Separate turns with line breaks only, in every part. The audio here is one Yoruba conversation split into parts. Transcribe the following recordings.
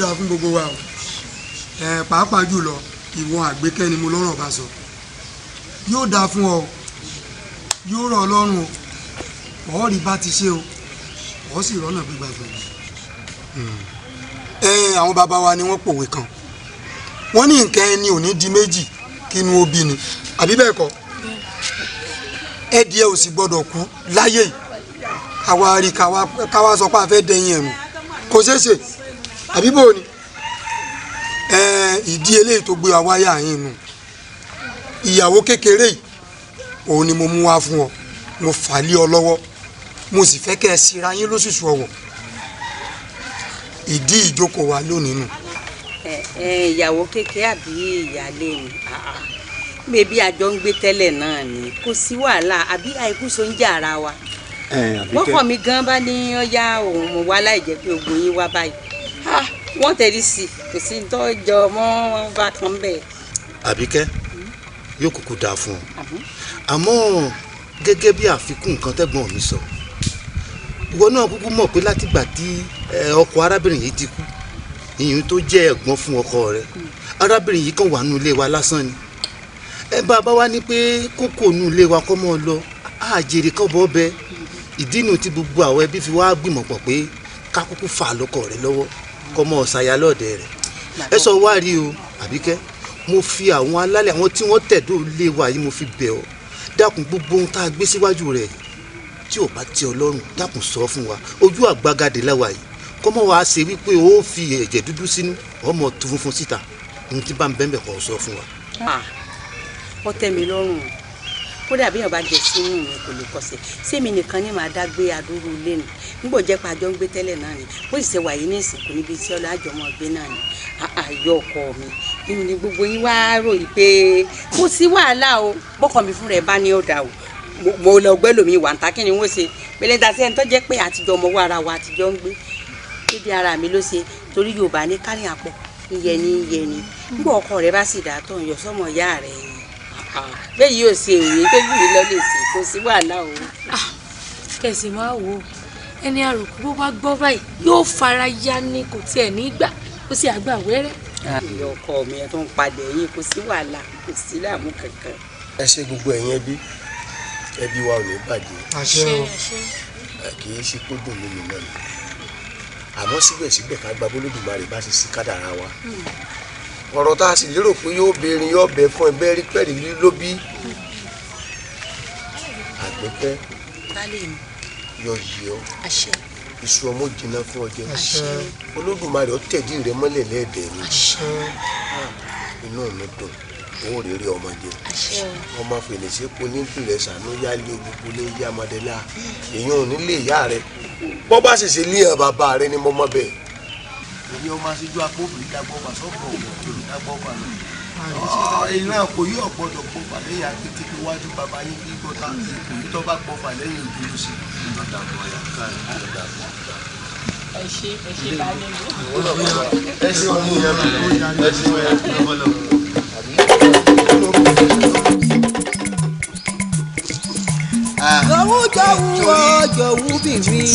dáa fún gbogbo wa o ẹ pàápàá jùlọ ìwọ̀n àgbékẹ́ni mo lọ́rọ̀ bá sọ yóò dáa fún ọ yóò rọ̀ ọlọ́run o ọ̀rí bá ti ṣe o ọ̀ sì rọ́nà gbígbà fún ẹ àwọn bàbá wa ni wọ́n pòwe kan wọ́n ní nǹkan ẹni ò ní di méjì kí inú ó bí ni àbí bẹ́ẹ̀ kọ́ ẹdìẹ ò sì gbọdọ̀ kú láyé àwa rí káwa sọ pé a fẹ́ dẹ̀yìn ẹ̀rù kò ṣeé ṣe àbí bò ni ìdí eléyìí tó gbé wa wáyà yín nù ìyàwó kékeré yìí òun ni mo mú wá fún ọ mo fà lé ọ lọ́wọ́ mo sì fẹ́ kẹ́ ẹ síra yín lóṣùṣù ọ̀wọ̀ ìdí ìjókòó wa lónìí nù. ìyàwó kékeré àbí ìyáálé mi bébí àjọ ń gbé tẹ́lẹ̀ náà ni kò sí wàhálà àbí àìkú ń jà ara wa wọ́kọ̀ mi gan bá ní ọ̀yá òun mo wá láì jẹ́ pé ogun yín wá báyìí Ah, wọ́n tẹ̀lé sí kò sí tọ́jọ́ mọ́ bá kan bẹ́ẹ̀.
àbíkẹ́ hmm? yóò kúkú
dáa fún ọ àmọ́ gẹ́gẹ́ bí àfikún nǹkan tẹ́gbọ́n mi sọ
ìwọ náà kúkú mọ̀ pé látìgbà tí ọkọ arábìnrin yìí ti kú ìyẹn tó jẹ́ ẹ̀gbọ́n fún ọkọ rẹ̀ hmm. arábìnrin yìí kàn wà nínú ilé wa lásán ni ẹ bá a bá wá ní pé kókó nínú ilé wa kọ́ mọ́ ọ lọ àjèrè kọ́ bọ́ bẹ hmm. ìdí nu ti gbogbo àwọn ẹbí fi wá gbìmọ̀ pọ̀ pé ká kúkú fà lọ́kọ rẹ̀ lọ́wọ́ kọmọ ọ̀sàyà lọ́ọ̀dẹ rẹ̀ ẹ sọ wá rí o àbíkẹ́ mo fi àwọn alálẹ̀ àwọn tí wọ́n tẹ̀dó lé wa yìí mo fi bẹ̀ ọ́ dákun gbogbo ohun tá a gbé síwájú rẹ̀ tí ò bá ti ọlọ́run dákun sọ fún wa ojú àgbagadè láwa yìí kọ́mọ wa ṣe wípé o fi ẹ̀jẹ̀ dúdú sínú ọmọ tó funfun síta ohun tí bá ń bẹ́ẹ̀ bẹ̀ kọ́ sọ fún wa. Ah, ó tẹ́ mi lọ́rùn o kódà bí èèyàn bá jẹ sínú yẹn kò lè kọsẹ̀ sẹ́mi nìkan ní màá dá gbé adúrú ilé ni nígbò jẹ́ pa àjọ ń gbé tẹ́lẹ̀ náà ni bó sì ṣe wà yìí ní ìsìnkú níbi tí ọlọ́ àjọmọ́ gbé náà ni àyọ ọkọ mi inú ni gbogbo yín wá ròyìn pé kò sí wàhálà o bọ́kàn mi fúnra ẹ̀ bá ní ọ̀dà o mo lọ gbẹ́ lómi ìwà ńta kí ni wọ́n ṣe pẹ̀lẹ́ dasẹ́ ẹni tó jẹ́ pé àtijọ́ ọmọ wa ara wa àtijọ́ ń gbé débi ara mi ló ṣe torí Yorùbá ní kárí àpọ̀ iyẹni iyẹni nígbà ọkọ rẹ bá sì dà tó ń yọ sọmọ ìyá rẹ yìí pé yìí ò ṣe èwe pé yìí lọ lè ṣe kò sí wàhálà o. Ah, kẹsì máa wò ó ẹni àròkù bó bá gbọ́ báyìí yóò fara ya ni kò tiẹ̀ ní gbà kó sì àgbà wẹ́rẹ́. ìyá ah. ọkọ mi ẹ tó ń padà ẹ̀yìn kò sí wàhálà kò sí láàmú kankan. ẹ ṣe gbogbo ẹ̀yin ẹbí ẹbí wa ò ní bàjẹ́. àṣẹ o kì í ṣe kó dùn mí nìyẹn àmọ́ síbẹ̀síbẹ̀ ká gba bólódùmarè bá ṣe sí kádàrá wa. Hmm ọ̀rọ̀ tá a sì lérò pé yóò béèrè yóò bẹ̀ fún ẹ bẹ́ẹ̀ rí pẹ́ẹ́rì ló bí. àgbẹ̀fẹ́ yọ yìí ọ iṣu ọmọ jìnnà fún ọjọ́ olódùmarè ọtẹ̀dí rẹ mọ́lẹ̀ lẹ́ẹ̀dẹ̀ ni inú mi dùn owó rere ọmọ jẹ ọmọ fèrèsé kò ní bìrẹ̀ sànú yálé gbogbo ní yá ọmọdé la èyí ò ní lè yá rẹ bọ́ bá ṣèṣe ní ẹ̀ bàbá rẹ ni mo mọ bẹ́ẹ̀ èyí ọmọ aṣojú akófin ìdágbọ́gbà sọ́kọ̀ òkè ìdágbọ́gbà lọ. iná kò yí ọ̀pọ̀dọ̀ pọ̀fà lẹ́yìn akété pé wájú bàbá yín kí gbọ́ta ìtọ́ bá pọ̀fà lẹ́yìn ìdúró sí ìdọ́ta bọ̀yà
káàkiri ìdọ́ta bọ̀yà.
ẹ ṣe ẹ ṣe bá mi mú. ẹ ṣe
wọn mú ìyá mi ẹ ṣe wọn ẹ ṣe wọn lọ
lọ́wọ́jọ́ wù ọjọ́ wù bìnrin.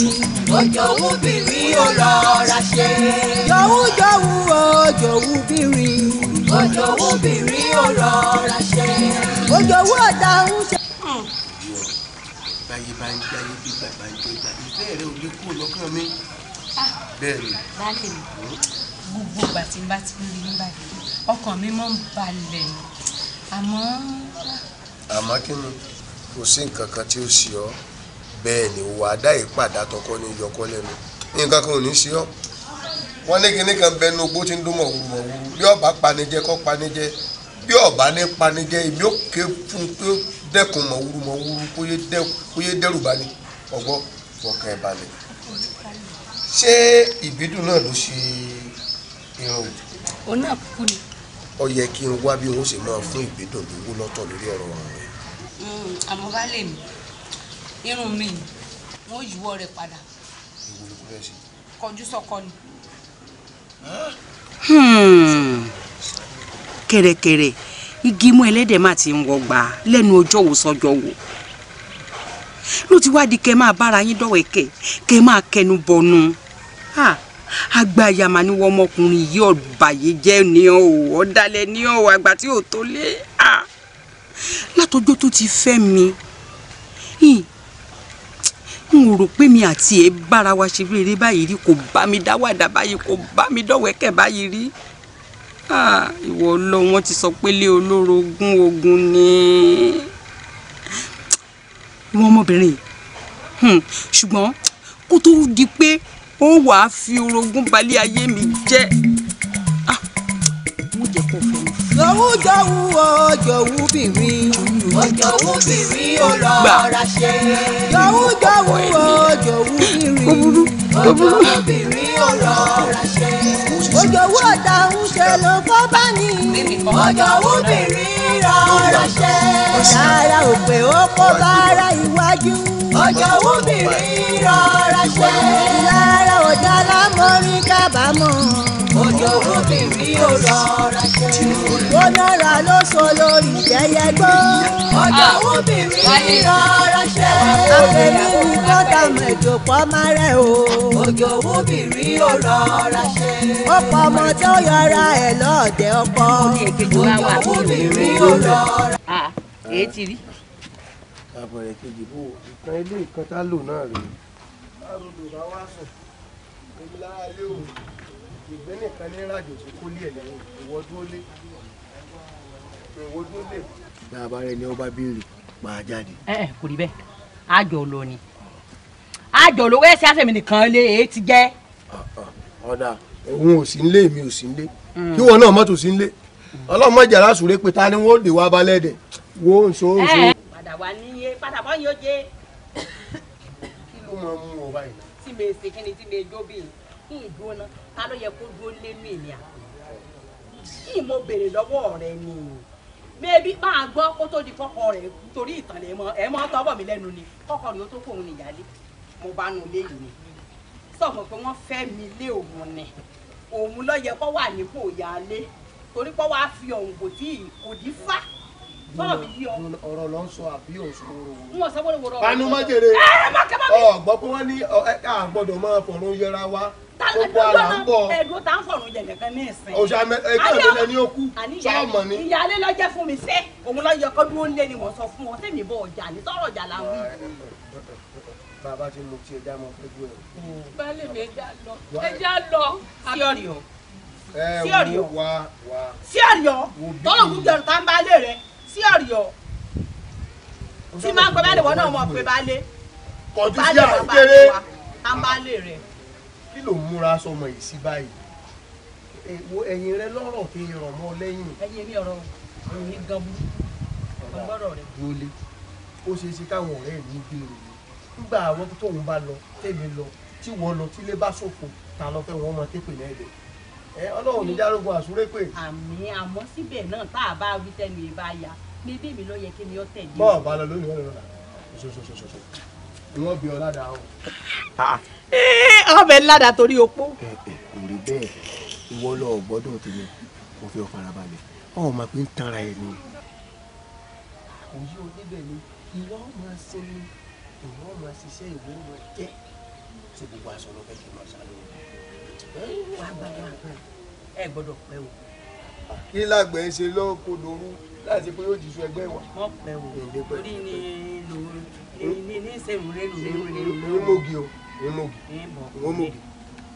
ọjọ́ wù bìnrin ó rọra ṣe. lọ́wọ́jọ́ wù ọjọ́ wù bìnrin. ọjọ́ wù bìnrin ó rọra
ṣe. ọjọ́ wù ọ̀dà ń ṣe. báyé bá ń jáyé bí bàbá ń jẹ ìgbà
ìfẹ́ rẹ ò lè kú lọ́kàn mi. Ah, bẹ́ẹ̀ ni. báyìí gbogbo ìgbà tí n bá ti rí ní báyìí ọkàn mi máa ń balẹ̀ àmọ́. àmọ́ kí ni kò sí nǹkan kan tí ó ṣe ọ bẹ́ẹ̀ ni wà á dá ìpàdá tọkọ ní yọkọ lẹ́nu nǹkan kan ò ní ṣe ọ wọn ní kinní kan bẹnu ogbó tí ń dún mọ̀wúrọ̀ bí ọba panijẹ kọ́ panijẹ bí ọba ní panijẹ ibi ó ké fún pé dẹ́kun mọ̀wúrú mọ̀wúrú kó yé dẹ́rù bá ní ọgbọ́ fọkàn ẹ̀ balẹ̀ ṣé ìbídùn náà ló ṣe irun. òun náà kú ni. ó yẹ kí n wá bí wọn ṣe máa fún ìbídùn lówó lọ́tọ̀ lórí ọ̀rọ̀ wọn. Mm, àmọ́ bá lè mi irun mi wọn yíwọ́ rẹ̀ padà kọjú sọ́kọ ni. Hmm. kèrèkèrè igi imú ẹlẹ́dẹ̀ má ti ń wọgbà lẹ́nu ọjọ́ wo sọ́jọ́ wo ló ti wádìí kẹ máa bára yín dọ̀wẹ́kẹ̀ kẹ máa kẹnu bọnu àgbà yàmà ni wọ́n ọmọkùnrin yìí ọ̀bàyé jẹ́ ni ọ́ ọ̀dàlẹ̀ ni ọ́ àgbà tí ò tó lé. Ah látọjọ́ tó ti fẹ́ mi n ò rò pé mi àti ẹ bára wa ṣe rere báyìí rí kò bá mi dáwàdà báyìí kò bá mi dọ̀wẹ́kẹ̀ báyìí rí ìwọ lọ wọn ti sọ pé lé olórogún ogun ni ìwọ ọmọbìnrin ṣùgbọ́n kó tó di pé ó wàá fi orogún balẹ̀ ayé mi jẹ́ mo jẹ́ kó fẹ́ jòwú jòwú o jòwú bìnrin. o jòwú bìnrin o rọra ṣe. jòwú jòwú o jòwú
bìnrin. o jòwú bìnrin o rọra ṣe. ojòwú ọ̀dà ń ṣe ló kọ́ bá ní. o jòwú bìnrin rọra ṣe.
rárá ò pé ó kó bára iwájú. o jòwú bìnrin
rọra ṣe.
rárá ò dá lámọ́rí kábàámọ̀ òjò bùbí
rí òrò ọ̀rá
ṣe. ó dára ló sọ lórí yẹyẹ gbọ́.
òjò bùbí rí ṣe. ọ̀rẹ́ mi ni bọ́tà mẹ́jọ pọ̀ máa rẹ̀ o. òjò bùbí rí òrò ọ̀rá ṣe.
ó pọ̀ ọmọ tó yọra ẹ̀ lọ́ọ̀dẹ̀ ọkọ. òjò bùbí rí òrò ọ̀rá. èé ti rí.
àbọ̀rẹ̀ kejì bò ìkan ilé ìkan tá lò náà rèé. báwo ló bá wá sùn? èmi lára ilé òun ìgbín nìkan ní ìrìnàjò tí kò lé ẹ̀ lẹ́yìn ìwọ dúró lé ìwọ dúró lé. bí a bá rẹ
ni ó bá béèrè máa jáde. ẹ ẹ kò rí bẹ́ẹ̀ àjọ lọ ni àjọ lówó ẹsẹ àfẹmí nìkan lé èyí ti jẹ. ọ̀dà òun ò sí nílé mi ò sí nílé hmm. kí wọn náà mọ́tò sí nílé ọlọ́mọ ìjàrá sùré pé ta ni wọ́n lè wá balẹ̀ dẹ̀ wo nso nso. padà wá níye padà bọ́ yóò jẹ. kí ló máa mú ọ báyìí. tí mi ṣe kí ni tí mi jó bíi kí n náà ta ló yẹ kó dúró lẹ́nu èmi àpò yìí mo béèrè lọ́wọ́ rẹ ni mẹ́bí máa gbọ́ kó tó di kọ́kọ rẹ̀ torí ìtànlẹ̀ ẹ̀mọ́ ẹ̀mọ́ tọ́bọ̀ mi lẹ́nu ni kọ́kọ rẹ̀ ó tó fóun níyàlé mo bá nu ilé yìí ni sọ̀mọ̀ pé wọ́n fẹ́ mi lé òun ni òun ló yẹ kó wà nípò ìyáálé torí kó wàá fi ọ̀hún kò tí ì kò dí fá sọ̀rọ̀ mi yí ọ. ọ̀rọ̀ ló ń sọ àbí òsùn wòrò wòrò. n ò sọ wòrò wòrò. panu májèrè. ẹ ẹ má kẹ́ bá mi. ọ gbọ́ pé wọ́n ní ká gbọ́dọ̀ máa fọ̀rọ̀ yẹra wa. gbogbo ara ń bọ̀. ẹ̀dùn tá ń fọ̀rọ̀ jẹ̀ kankan ní ìsìn. òṣà ẹgbẹ́ ìdílé ni ó kú. sọ́ọ̀mọ̀ ni. ìyáálé lọ jẹ́ fún mi sẹ́ òun lọ yẹ kọ́dún ó lé ni wọ́n sọ fún wọn sẹ́mi bọ̀ ọjà ní sọ̀rọ̀ ọjà là ń wí. bàbá ti mú tí ẹja mọ pẹ́jú ẹ̀. baálé mi ẹja lọ ẹja lọ. sí ọ̀rì ọ̀ sí ọ̀rì ọ̀ tọ́lọ̀ gbogbo ọ̀rọ̀ tá ń bá lé rẹ̀ sí ọ̀rìọ̀ tí máa ń pẹ́ báyìí wọ́n náà mọ̀ pé baálé baálé wà baálé wa á baálé rẹ̀. kí ló ń múra sọmọ yìí sí báyìí èwo ẹ̀yìn rẹ lọ́rọ̀ fi rọ̀ mọ́ lẹ́yìn. ẹ̀yìn mi ọ̀rọ̀ òun ní gan burú ọgbọ́rọ̀ rẹ̀. wọlé ó ṣeé ṣe káwọn ọ̀rẹ́ mi béèrè mi nígbà àwọn tóun bá lọ tèmi lọ tí wọ́n lọ tílé bá ṣòfò ta lọ fẹ́ wọ́n mọ tépè náà ẹ̀dẹ̀ ọlọ́run ní járógun àsúrépè. àmì àmọ́ síbẹ̀ náà tá a bá wí tẹ́nu ìbá ya bébí mi lọ yẹ kí ni ó tẹ̀lé. bọ́ọ̀ bá lọ lónìí wọ́n lè rọ̀lá ṣoṣoṣoṣo ìwọ́n bí ọ̀làdà o. Ah, ah. ọbẹ̀ ńláda torí opó. ẹ ẹ kò rí bẹ́ẹ̀ ìwọ lọ gbọ́dọ̀
tèmi mo fi ọ̀fara balẹ̀
ọ̀ máa pín tanra ẹ̀ ni. òye oníbẹ̀ ni ìwọ máa ṣe ni ìwọ máa ṣiṣẹ́ ìwọ máa jẹ́ tí gbogbo aṣọ ló fẹ́ kí n máa ṣàlùwọ̀. wàá gbàgbọ́ ẹ gbọ́dọ̀ pẹ́ o. kí lágbẹ̀ẹ́ ṣe lọ́kọ̀ọ́dọ̀rú láti pé yóò jìṣu ẹgbẹ́ wa. wọ́n pẹ̀ wò torí ni lò ní ní sèmúlé lò ní lò. ní mògì o ní mògì ní mògì.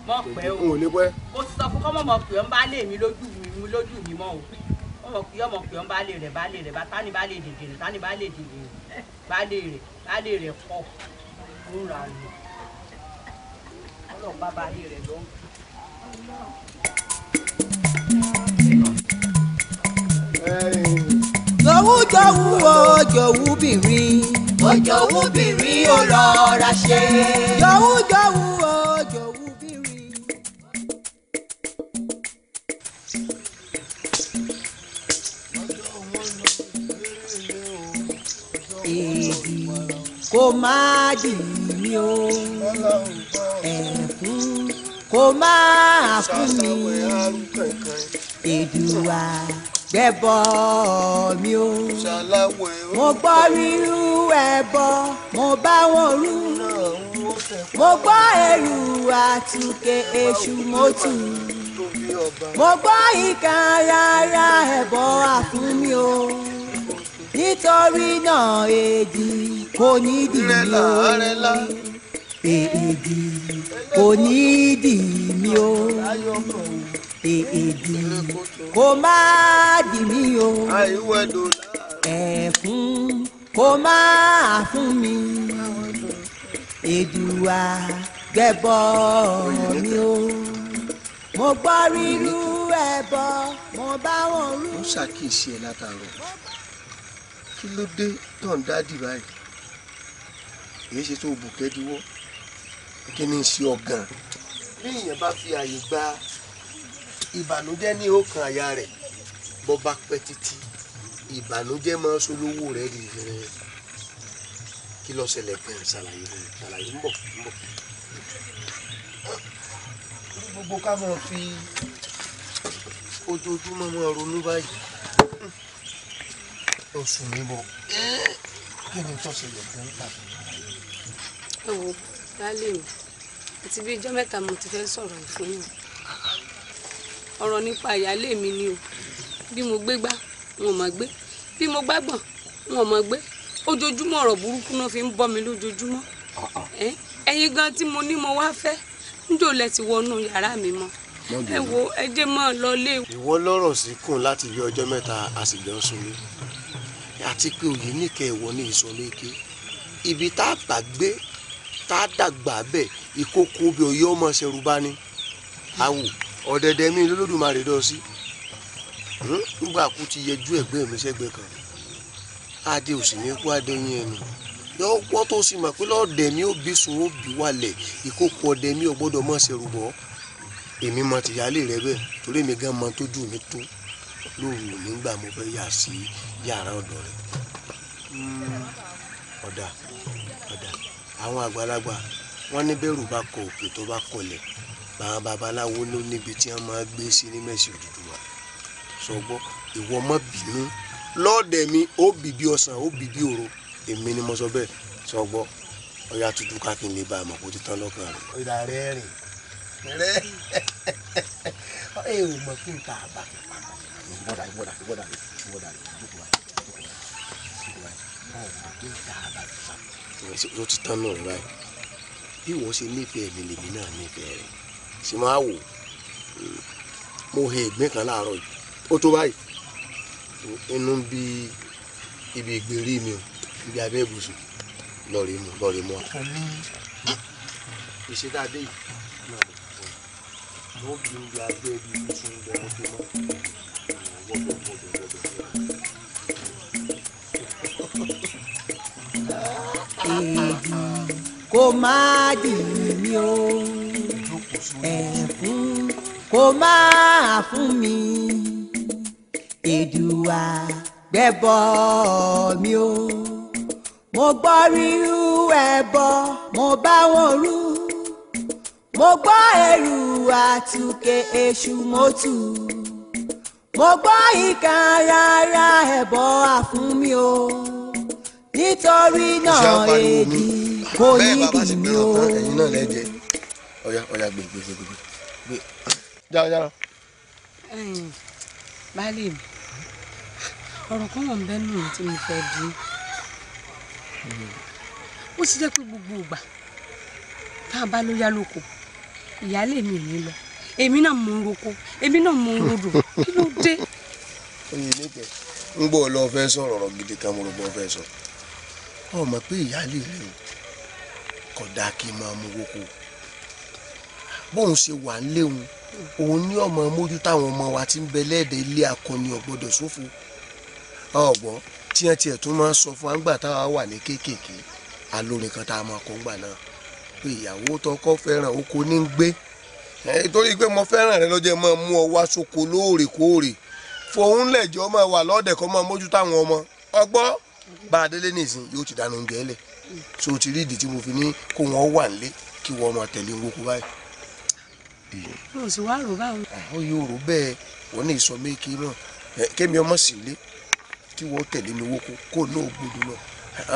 mọ̀ pẹ́ o ò lè pẹ́. mo sọ fún kọ́mọ̀ mọ̀ pé ń bá lè mi lójú mi lójú mi mọ́ o ọmọ kí ọmọ pé ń bá lè rẹ̀ bá lè rẹ̀ bá tani bá lè dèdè rẹ̀ tani bá lè dèdè rẹ̀ bá lè rẹ̀ bá lè rẹ̀ pọ̀ ń ra lò ọlọ́pàá bá lè rẹ̀ lọ́wọ́. Hey òjòwú jòwú òjòwú bìnrin. òjòwú bìnrin ó rọra ṣe. jòwú jòwú òjòwú bìnrin. èdè kò má dì mí o ẹ̀fún kò má kú mi èdùwà gbẹ́bọ mi o. mo gbọ́ rírú ẹbọ mo bá wọn rú. mo gbọ́ èrú àtúnkẹ́ èṣù mo tù. mo gbọ́ ìkan rárá ẹbọ àfún mi o. nítorí náà èdì kò ní dì mí o. èdì kò ní dì mí o èdè kò má dì mí o ẹ̀fún kò má fún mi èdùà gbẹ̀bọ mi o mo gbọ́ rírú ẹbọ mo bá wọn rú. mo ṣàkíyèsí ẹ látàárọ̀ kí ló dé tó ń dádì báyìí èyí ṣe tó bùkẹ́ dúró kí ni ń ṣe ọ̀gàn bí èèyàn bá fi àyè gba ìbànújẹ́ ní ọkàn àyà rẹ̀ bó bá pẹ́ títí ìbànújẹ́ máa ń solówó rẹ̀
rí rẹ̀ kí ló ṣẹlẹ̀ gan ṣàlàyé rẹ̀ ṣàlàyé ń bọ̀ ń bọ̀.
gbogbo ká máa fi ojoojúmọ́ máa ronú báyìí oṣù mi bọ̀
kí ni tó ṣẹlẹ̀ gan tàbí.
ẹ wo lálẹ́ o
àti bí ijọ́ mẹ́ta mo ti fẹ́ sọ̀rọ̀ ìfún yìí ọ̀rọ̀ nípa ìyáálé mi ni o bí mo gbé gbá wọn mọ̀ gbé bí mo gbá gbọ̀n wọn mọ̀ gbé ojoojúmọ́ ọ̀rọ̀ burúkú náà fi ń bọ́ mi lójoojúmọ́ ẹ̀yin gan tí mo ní mo wá fẹ́ níjò lẹ ti wọnú yàrá mi mọ́ ẹ wo ẹjẹ mọ́ ọ lọ lé. ìwọ lọ́rọ̀ sí kùn láti ilé ọjọ́ mẹ́ta a sì jọ sunlé àti pé òye níkẹ́ ìwọ ní ìsọ̀lẹ́kẹ́ ibi tá a gbà gbé tá a dàgbà bẹ́ẹ̀ ìkókó bí oyè ọmọ ṣerú bá ní. àwò ọ̀dẹ̀dẹ̀ mi lólódùmarè dọ̀ sí hmm? nígbà kú ti yẹjú ẹ̀gbẹ́ mi sẹ́gbẹ́ kan adé òsì ní kú adé yín ẹnu yọ wọ́n tó sì mọ̀ pé lọ́ọ̀dẹ̀ mi ò bí sùn ó bí wàlẹ̀ ìkókò ọ̀dẹ̀ mi ò gbọ́dọ̀ mọ̀ ṣe rúbọ èmi mọ tìyálé rẹ bẹ́ẹ̀ torí mi gan mọ tójú mi tó lóru nígbà mo fẹ́ yà sí yàrá ọ̀dọ̀ rẹ hmm. ọ̀dà ọ̀dà àwọn àgbàlagbà wọn ní bẹ́rù bá kọ òkè tó bá kọlẹ̀ àwọn babaláwo ló níbi tí wọ́n máa gbé sí ní mẹ́sì Odùduwà sọgbọ́ ìwọ má bínú lọ́ọ̀dẹ̀ mi ó bìbí ọ̀sán ó bìbí òru èmi ni mo sọ bẹ́ẹ̀ sọgbọ́ ọ̀yà tútù káàkiri lè ba àmọ́ kó ti tán lọ́kàn rẹ̀. ìlà rẹ rìn rẹ ẹ ò mọ kí n ta àbá ó ti tán náà rẹ báyìí bí wọ́n ṣe nífẹ̀ẹ́ mi lèmi náà nífẹ̀ẹ́ rẹ̀ sì máa wò mo he ìgbín kan láàárọ̀ yìí ó tó báyìí inú ń bí ibi ìgbèrí mi o ibi abẹ́ ibùsùn lọ́ọ̀rẹ́ mu lọ́ọ̀rẹ́ mu wa.
ìṣèdáde yìí ló bí ibi abẹ́ ibùsùn lọ́mọdé
mọ́ wọ́pọ̀ wọ́pọ̀ wọ́pọ̀. kò má dì mí o ẹ̀kún kò máa fún mi èdùà gbẹ́bọ mi o mo gbọ́ rírú ẹbọ mo bá wọn rú mo gbọ́ ẹrù àtúkẹ́ èṣù mo tù mo gbọ́ ìka rárá ẹbọ àfún mi o nítorí náà èdè kò ní dì mí o ọ̀yá ọ̀yá gbé gbé gbé gbé gbé jára jára. baálé mi ọ̀rọ̀ kan wọ̀ ń bẹ́ẹ̀ nù tí mo fẹ́ bí ó ti pé gbogbo ìgbà tá a bá ló yá lóko ìyáálé mi ò ní lọ èmi náà mò ń roko èmi náà mò ń rodò kí ló dé.
oye nígbẹ ń gbọ́ lọ fẹ́ sọ̀rọ̀ ọ̀rọ̀ gidi kan mo rò bọ́ fẹ́
sọ ọ mọ̀ pé ìyáálé rẹ kódà kí n máa mú roko. bóun ṣe wà léwu òun ní ọmọ mójú táwọn ọmọ wa ti ń bẹ lẹ́ẹ̀dẹ̀ ilé akọni ọ̀gbọ́dọ̀ ṣòfò ọ̀gbọ́n tí wọ́n tiẹ̀ tún máa ń sọ fún wa táwa wà ní kéékèèké alórin kan tá a máa kọ́ náà pé ìyàwó tọkọ fẹ́ràn oko ní ń gbé pé mo fẹ́ràn rẹ lọ́jọ́ máa mú ọ wá sóko lóòrèkóòrè fòun lẹ́jọ́ máa wà mo sì wá rò báwọn. àwọn ah, yóò rò bẹ́ẹ̀ wọ́n ní ìsọ méèkì náà eh, kémi ọmọ sì lé tí wọ́n tẹ̀lé mi wóko kó náà gbòdò lọ.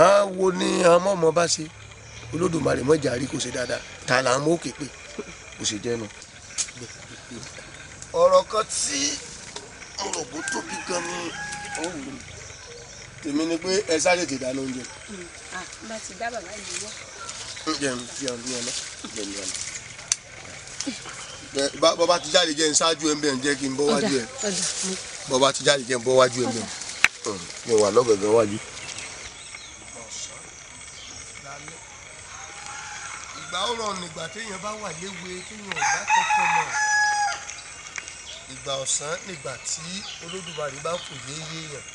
àwo ah, ni àwọn ọmọ bá ṣe olódùmarè mọ́jà rí kó ṣe dáadáa ta là ń mú òkè pé kó ṣe jẹ́nu. ọ̀rọ̀ kan tí
mo rò bó tóbi gan ni tèmi ni pé ẹ sáré ti dáná oúnjẹ.
Hmm. Ah, bá a ti dá bàbá yìí wọ́.
jẹun jẹun ní ọlá
jẹun ní ọlá bọ́ba ti jáde jẹ́ nṣáájú ẹ̀ ń bẹ̀ ń jẹ́ kí n bọ́ wájú ẹ̀ bọ́ba ti jáde jẹ́ ń bọ́ wájú ẹ̀ ń bẹ̀ mo wà lọ́gọ̀gọ̀ wájú. ìgbà ọ̀rọ̀ nígbà téèyàn bá wà léwe téèyàn ò bá kankan ìgbà ọ̀sán nígbà tí olódùbarì bá kù yéye yàn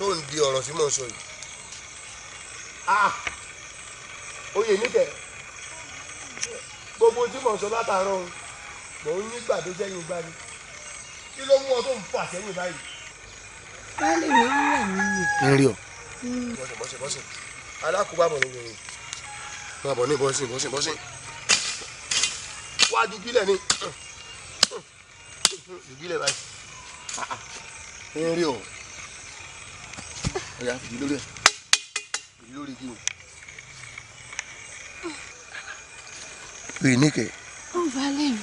tó ń di ọ̀rọ̀ tí mò ń sọ yìí. Ah! oyè níkẹ́ gbogbo tí mò ń sọ látàárọ̀ ọ̀hún mò ń ní gbàdó jẹ́yìn gbá ni kí ló mú ọ tó ń fà sẹ́yìn báyìí. báyìí mi ń rẹ̀ mí ni. ń rí ọ. Hmm. bọ́sẹ̀ bọ́sẹ̀ bọ́sẹ̀ alákòóbá bọ̀ ní gbòòrò máa bọ̀ ní bọ́sẹ̀ bọ́sẹ̀ bọ́sẹ̀ wájú gílẹ̀ ni gílẹ̀
báyìí ń rí ọ ọ̀yà fìdí lórí ẹ̀ fìdí lórí kí o.
Wíníkẹ̀. Ó balẹ̀ mi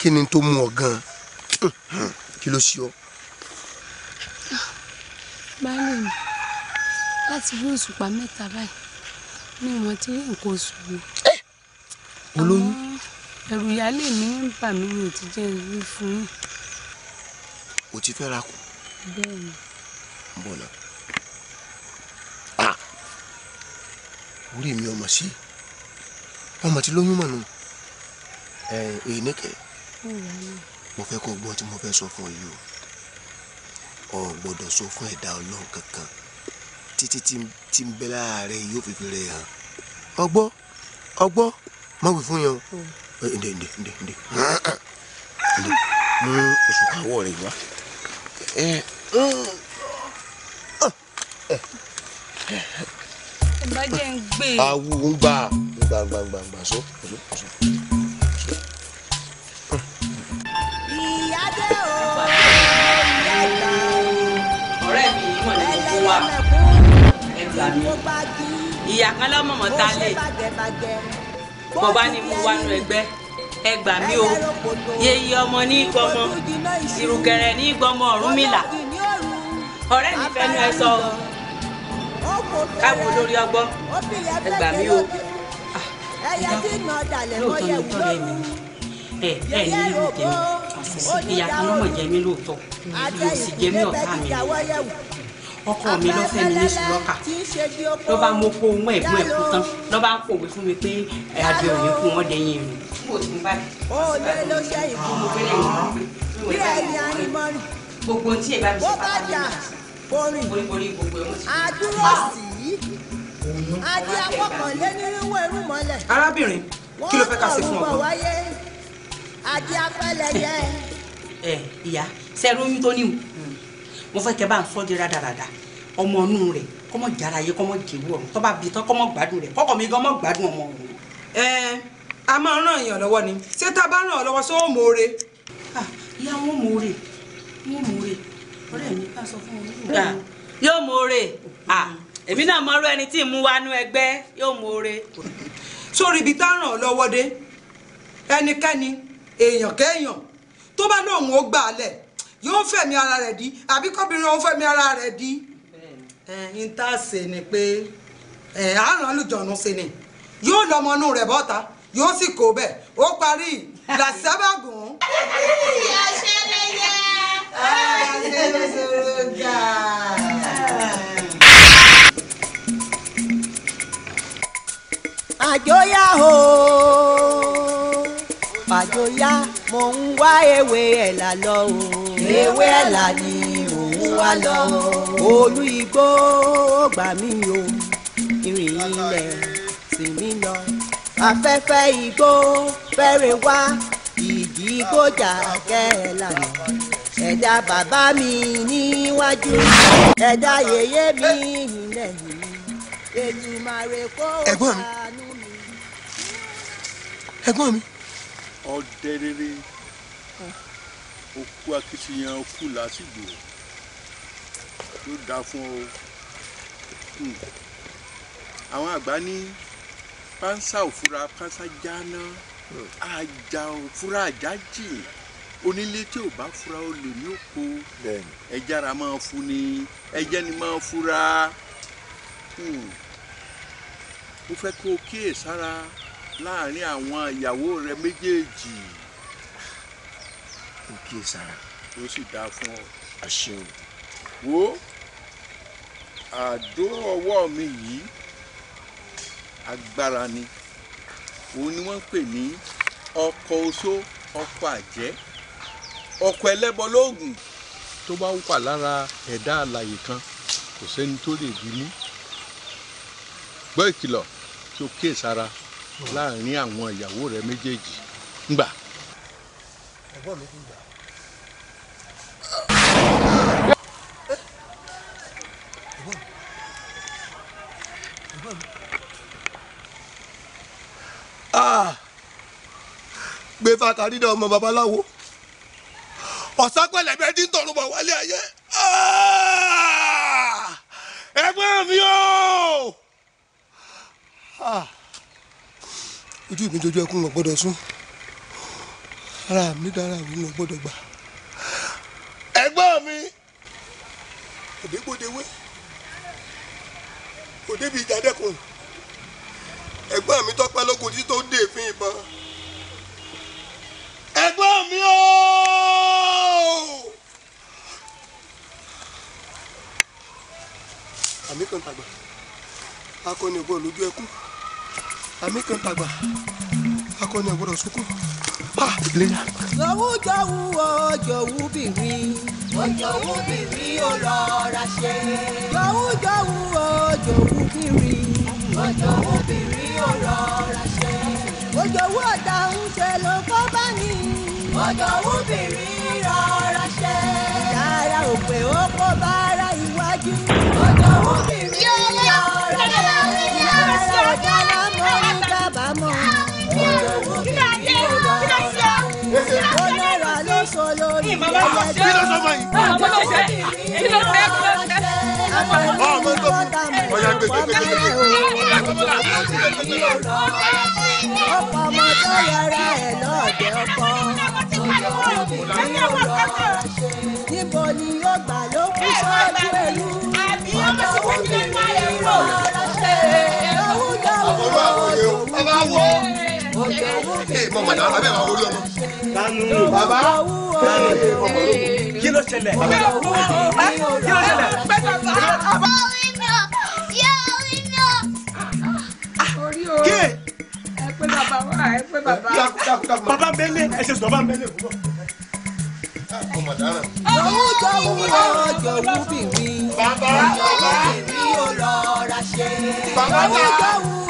kí ni tó mú ọ gan kí ló ṣe ọ. baálé mi láti bí òṣùpá mẹ́ta báyìí mi ò ti rí nǹkan oṣù mi. olóyún. ẹ̀rù ìyáálé mi ń bà mí mi ò ti jẹ́ ìrírí fún yín. o ti fẹ́ ra kù. bẹ́ẹ̀ni. ń bọ̀ náà. orí mi ọmọ sí ọmọ tí lóyún mọ̀ nù ẹ̀ ẹ̀ nìkẹ́
mo
fẹ́ kó gbọ́n tí mo fẹ́ sọ fún ọ yìí o ọ gbọ́dọ̀ sọ fún ẹ̀dá ọlọ́run kankan títí tí ń bẹ láàárẹ yóò fi fèrè hàn ọgbọ́ ọgbọ́ má wí fún yẹn o ǹdẹ hmm. ǹdẹ ǹdẹ ǹdẹ ǹdẹ mú oṣù káwọ rẹ wá ẹ
ẹ bá jẹ́ ń gbé.
awo ń gbà ń gbà ń gbà ń gbà sọ sọ sọ. gbà mí
ìyá kan lọ́mọ̀mọ́ ta lè
bọ́bá ni mo wá nu ẹgbẹ́ ẹ gbà mí o yeye ọmọ ní ìgbọmọ
ìrùkẹ̀rẹ̀ ní
ìgbọmọ Ọ̀rúnmìlà ọ̀rẹ́ mi fẹ́ ẹ sọ káwọ lórí ọgbọ́n ẹ gbà mí o ah, lóòótọ́
ló tọ́ rẹ
mi ẹ ẹ ní irú
tèmi ìyá kan lọ́mọ̀ jẹ
mí lóòótọ́ yóò sì jẹ mí ọ̀tá mi ọkọ mi lọ́fẹ́ mi ní sùlọ́kà ló bá mú kó ohun ẹ̀gbọ́n ẹ̀kú tán ló bá pòwe fún mi pé adé òní kú wọ́n dẹ̀yìn rẹ̀. ó lé ló ṣe ìkùn bí ẹni anímọ́rì gbogbo tí èèyàn bá mi ṣe pàtàkì ní ìgbà àdúrà sí i adé akọkànlé nírúwọ irúmọlẹ̀. arábìnrin kí ló fẹ́ ká ṣe fún ọkọ. adé afẹ́lẹ́yẹ. ẹ ìyá sẹ́rú oyún tó níwò mo fẹ́ kẹ́ bá ń sọ́ di rádaràda ọmọ inú rẹ̀ kọ́mọ jara yé kọ́mọ jèwú ọ̀run tọ́ba bi tán kọ́mọ gbádùn rẹ̀ kọ́kọ́ mi gan mọ́ gbádùn ọmọ ọ̀run. ẹ a máa ràn yàn lọ́wọ́ ni ṣé tá a bá ràn ọ́ lọ́wọ́ sọ ó mòore. Ah, ìyá wọn mòore wọn mòore ọ̀rẹ́ mi bá sọ fún wọn. yóò mòore ah, èmi náà mọ̀rú ẹni tí mú wa nú ẹgbẹ́ yóò mòore. sórí ibi tá a ràn ọ́ lọ́wọ́ dé ẹnikẹ́ni èèyàn kéèyàn tó bá lóun ó gbà á lẹ̀ yóò fẹ̀mí ara rẹ̀ di àbí kóbìnrin òun fẹ̀mí ara rẹ̀ di ẹ̀yìn tá a ṣe ni pé ẹ̀ àrùn àlùjọ̀nù ṣe ni yóò lọmọ inú rẹ̀ bọ́ta yóò sì kó bẹ́ẹ̀ ó parí làṣẹ́bàgùn.
àṣẹlẹyẹ àṣẹlẹsọrọjà.
àjọyá o àjọyá mò ń wá ewé ẹ̀ là lọ o ewé ẹ̀là ni òun wá lọ. olú igbó gbà mí o ìrìn ilẹ̀ sì mí lọ. afẹ́fẹ́ igbó fẹ́rẹ̀ wá ìdí igbójà kẹ́ẹ̀lá ẹ̀dá bàbá mi níwájú ẹ̀dá yèyé mi nílẹ̀ mi, ètùmàrè kó ẹ̀gbọ́n
mi. ọ̀dẹ̀ rere akitiyan kù lásìgbò yóò dá fún ọ hmm. àwọn àgbà ní pánsá òfúra pánsá jáná àjà òfúra àjà jìn onílé tí ò bá fura ó lè ní òpó ẹjára máa fún ni ẹjẹ́ ni máa fura hmm. mo fẹ́ kó o kíyè sára láàrin àwọn ìyàwó rẹ méjèèjì kó kíyè sára. ó sì dáa fún ọ. àṣẹ o. wo àdó ọwọ́ mi yìí agbára ni òun ni wọ́n ń pè ní ọkọ̀ oṣó ọkọ̀ àjẹ́ ọkọ̀ ẹlẹ́bọ lóògùn. tó bá wà lára ẹ̀dá alààyè kan kò sẹ́ni tó lè bí mú gbọ́ ìkìlọ̀ tó kíyèsára láàrin àwọn ìyàwó rẹ méjèèjì ńgbà
ẹ̀gbọ́n mi kún gbà.
gbé fata dídá ọmọ babaláwo ọ̀sá pẹ̀lẹ́ bẹ́ẹ̀ dín tọ̀rọ̀ bọ̀ wálé ayé ah! ẹ̀gbọ́n mi o ah! ojú mi ara mi dára mi ló gbọ́dọ̀ gbà. ẹ̀gbọ́n mi òdebodewé òdebi ìjà dẹ́kun mi tọ́pẹ́ lógun tí tó dé fún ìbọn ẹ̀gbọ́n mi ooo. àmì kan tàgbà akọni ògbọ́n lójú ẹkún àmì kan tàgbà akọni ògbọ́n lọ sókún. Lena. Jọ̀wújọ̀wú ọ̀jọ̀wúbìnrin. Ọ̀jọ̀wúbìnrin ó rọra ṣe. Jọ̀wújọ̀wú ọ̀jọ̀wúbìnrin. Ọ̀jọ̀wúbìnrin ó rọra ṣe. Òjòwú ọ̀dà ń ṣe ló kọ́ bá ní. Ọ̀jọ̀wúbìnrin rọra ṣe. Yàrá òpè ó kó bá.
oh, ló sọ fún yín. ọmọ tó fẹ́ kí ló fẹ́ kí ló fẹ́. ọmọ tó fún ọyà gbẹgbẹgbẹgbẹ. ọ̀pọ̀ ọmọ tó yọra ẹ̀ lọ́ọ̀dẹ̀ ọkọ.
níbo ni ó gbà ló kú sọ́ọ́dún pẹ̀lú. àbí ọmọ tó fún mi máa ń wọ̀ ọ́ lọ́sẹ̀. òun yóò wọ̀
ọ́ lọ́sẹ̀ ẹ abẹ́
máa wọlé ọmọ.
kanu baba kanu ọmọ
kí ló ṣẹlẹ̀. baba kí ló ṣẹlẹ̀.
kí ẹ pé bàbá wa ẹ
pé bàbá wa. bàbá mẹ́lẹ̀ ẹ ṣe sọ bàbá mẹ́lẹ̀ fún
wa òun tó wù ọ́ jòwú bìbí bàbá tó bá bìbí ó ra ṣe òun tó wù ọ́.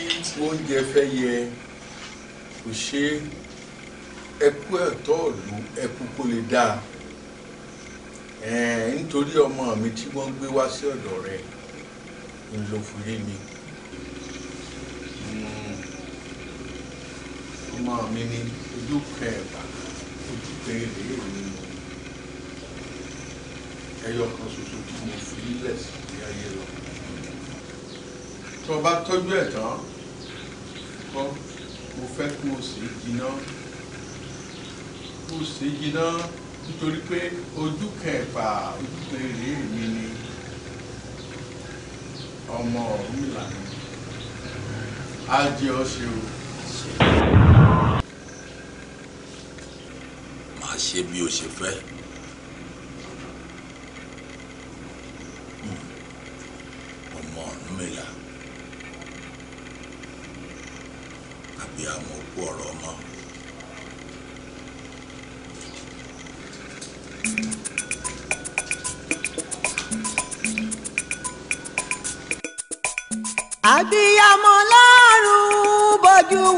oúnjẹ fẹ́ yẹ kò ṣe ẹkú ẹ̀tọ́ ìlú ẹkú kó lè dáa nítorí ọmọ mi tí wọ́n gbé wá sí ọ̀dọ̀ rẹ ń lo fúri mi ọmọ mi ni ojú kan ẹ̀bà ojú kan èlé mi ẹyọ kan ṣoṣo tí mo fi lẹ̀ sí ayé lọ tó o bá tọ́jú ẹ̀ tán kọ́ mo fẹ́ kó o sì jiná kó o sì jiná nítorí pé ojú kẹfà ojú kẹrẹ mi ni ọmọ mi lànà á jẹ ọ
o. máa ṣe bí o ṣe fẹ́.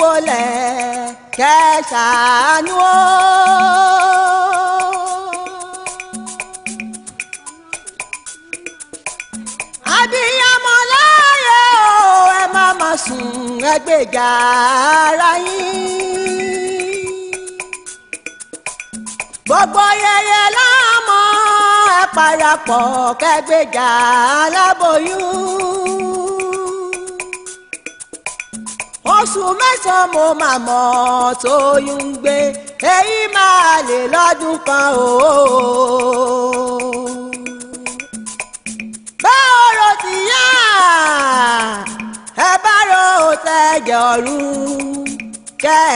wọlé kẹsànú o. abiyamọ láàyè o ẹ má má sùn ẹ gbèjà ara yín. gbogbo yẹyẹ láàmú ẹ parapọ̀ kẹgbèjà aláboyún oṣù mẹ́sàn-án mo máa mọ̀ tóyún ń gbé èyí máa lè lọ́dún kan ooo. báwo ro ti yá ẹ bá ro tẹ̀jẹ̀ ọ̀run kẹ́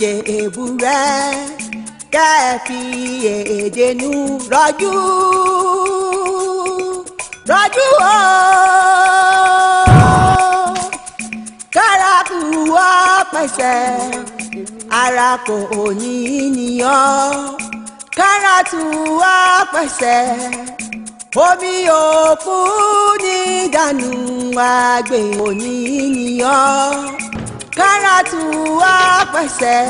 jẹ èbú rẹ kẹ́ ẹ fi èdè wá pẹ̀sẹ̀ ara kò ní nìyàn kára tù wá pẹ̀sẹ̀ omi òkun ní dànù àgbè òní nìyàn kára tù wá pẹ̀sẹ̀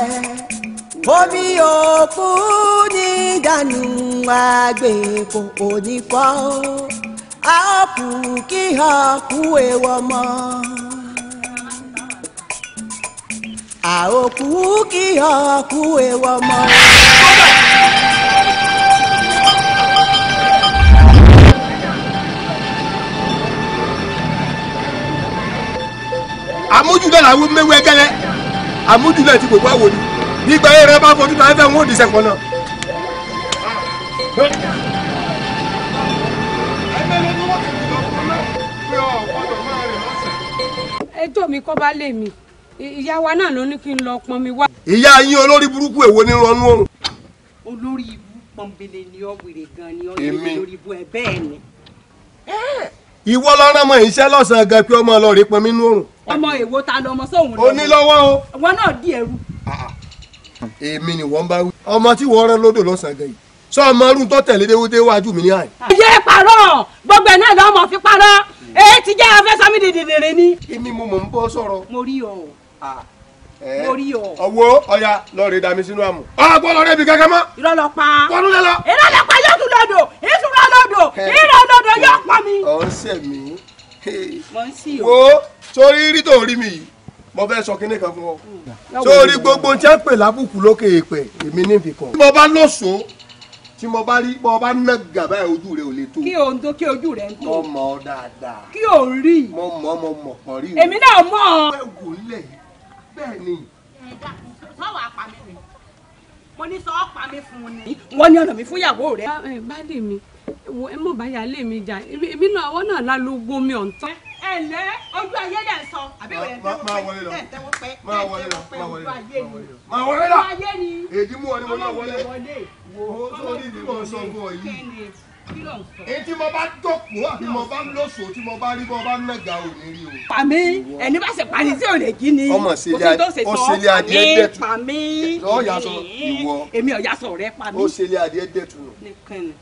omi òkun ní dànù àgbè kò òní fọ́ a kí ọkùnrin wọ́n mọ́
àòkú kí ọkú ewọ mọ.
àmójúlẹ̀ làwọn mẹ́wọ́ ẹgẹ́lẹ́ àmójúlẹ̀ ti gbogbo àwọn ni nígbà yẹn rẹ bá fọdún náà fẹ́ wọ́n ò dìṣẹ́ kan náà. ẹjọ́ mi kọ́ bá lè mi ìyá wa náà ló ní kí n lọ pọn wá. ìyá yín olórí burúkú èwo ní rọnú òrùn. olórí ibú pọnbele ni ọ gan ni ọ lórí ibú ẹ bẹ́ẹ̀ ni. ìwọ lọ́rọ́ mọ iṣẹ́ lọ́sàn-án gan pé ọmọ lọ́ọ́ rí nú òrùn. ọmọ èwo ta lọmọ sóhun lọ. onílọ́wọ́ o. ọwọ́ náà di ẹrú. èmi ni wọ́n bá wí. ọmọ tí wọ́n rán lódò lọ́sàn gan yìí sọ ọmọ ọdún tó tẹ̀lé déwúdé wájú mi ní àyè. Ah. ayé parọ́ gbogbo ẹ̀ náà lọ́mọ fi parọ́ èyí ti jẹ́ afẹ́sọ́mídìdì rẹ̀ ni. èmi mo mọ̀ ń bọ́ sọ̀rọ̀. mo rí ọ mo ah. eh? rí o. ọwọ́ ọya lọ́ọ̀rẹ́ dami sínú àmù. ọgbọ́n ah, lọ́ọ̀rẹ́ ibi kankan mọ́. irọ́ lọ pa. wọnú lẹ lọ. irọ́ lọ pa yóò tún lọ́dọ̀ ètò rọ lọ́dọ̀ eh. irọ́ lọ́dọ̀ yóò pa mi. ọ̀ ń sẹ̀ mí. mo ń sí o. wo sórí rí tó rí mi yìí mo fẹ́ sọ kinní kan fún ọ.
Hmm. sórí gbogbo
tí a pè lábùkù lókè èpè èmi níbi kan. tí mo bá lóṣòó tí mo bá rí mo bá ná gàbá ojú rẹ ò lè tó. kí o ń tó kí ojú rẹ ń tó. mo mọ̀ ọ́ dáadáa. kí o rí. mo mọ̀ mo mọ̀ pọ̀ rí. èmi náà mọ̀ ọ́. ẹ̀gùn lẹ̀ yìí bẹ́ẹ̀ ni. ẹ dákun sọ́wọ́ apá mi rè mo ní sọ ọ́ pa mi fún un ni. wọ́n ní ọ̀nà mi fún ìyàwó rẹ̀. bádì mi ẹ mọ̀ báyà lé mi jà èmi náà ọwọ́ náà lálógbó mi ọ̀ǹtán. ẹ ǹlẹ́ ojú ayé dẹ̀ sọ àbẹ̀wò ẹ̀ tẹ́wọ́ pẹ́ máa wọlé lọ máa wọlé lọ máa wọlé lọ èdè mú ọ ni mo náà wọlé wo sórí ìdí mọ̀ sọ́gbọ̀ yìí èyí tí mo bá jókòó àbí mo bá lóṣù tí mo bá rí bọ́ bá nàgà ò ní rí o. pàmí ẹni bá ṣe pàní tí ò lè jí ni ọmọ òṣèlè adìẹ dẹ̀tù pàmí ọ̀yà sọ ìwọ èmi ọ̀yà sọ rẹ pàmí òṣèlè adìẹ dẹ̀tù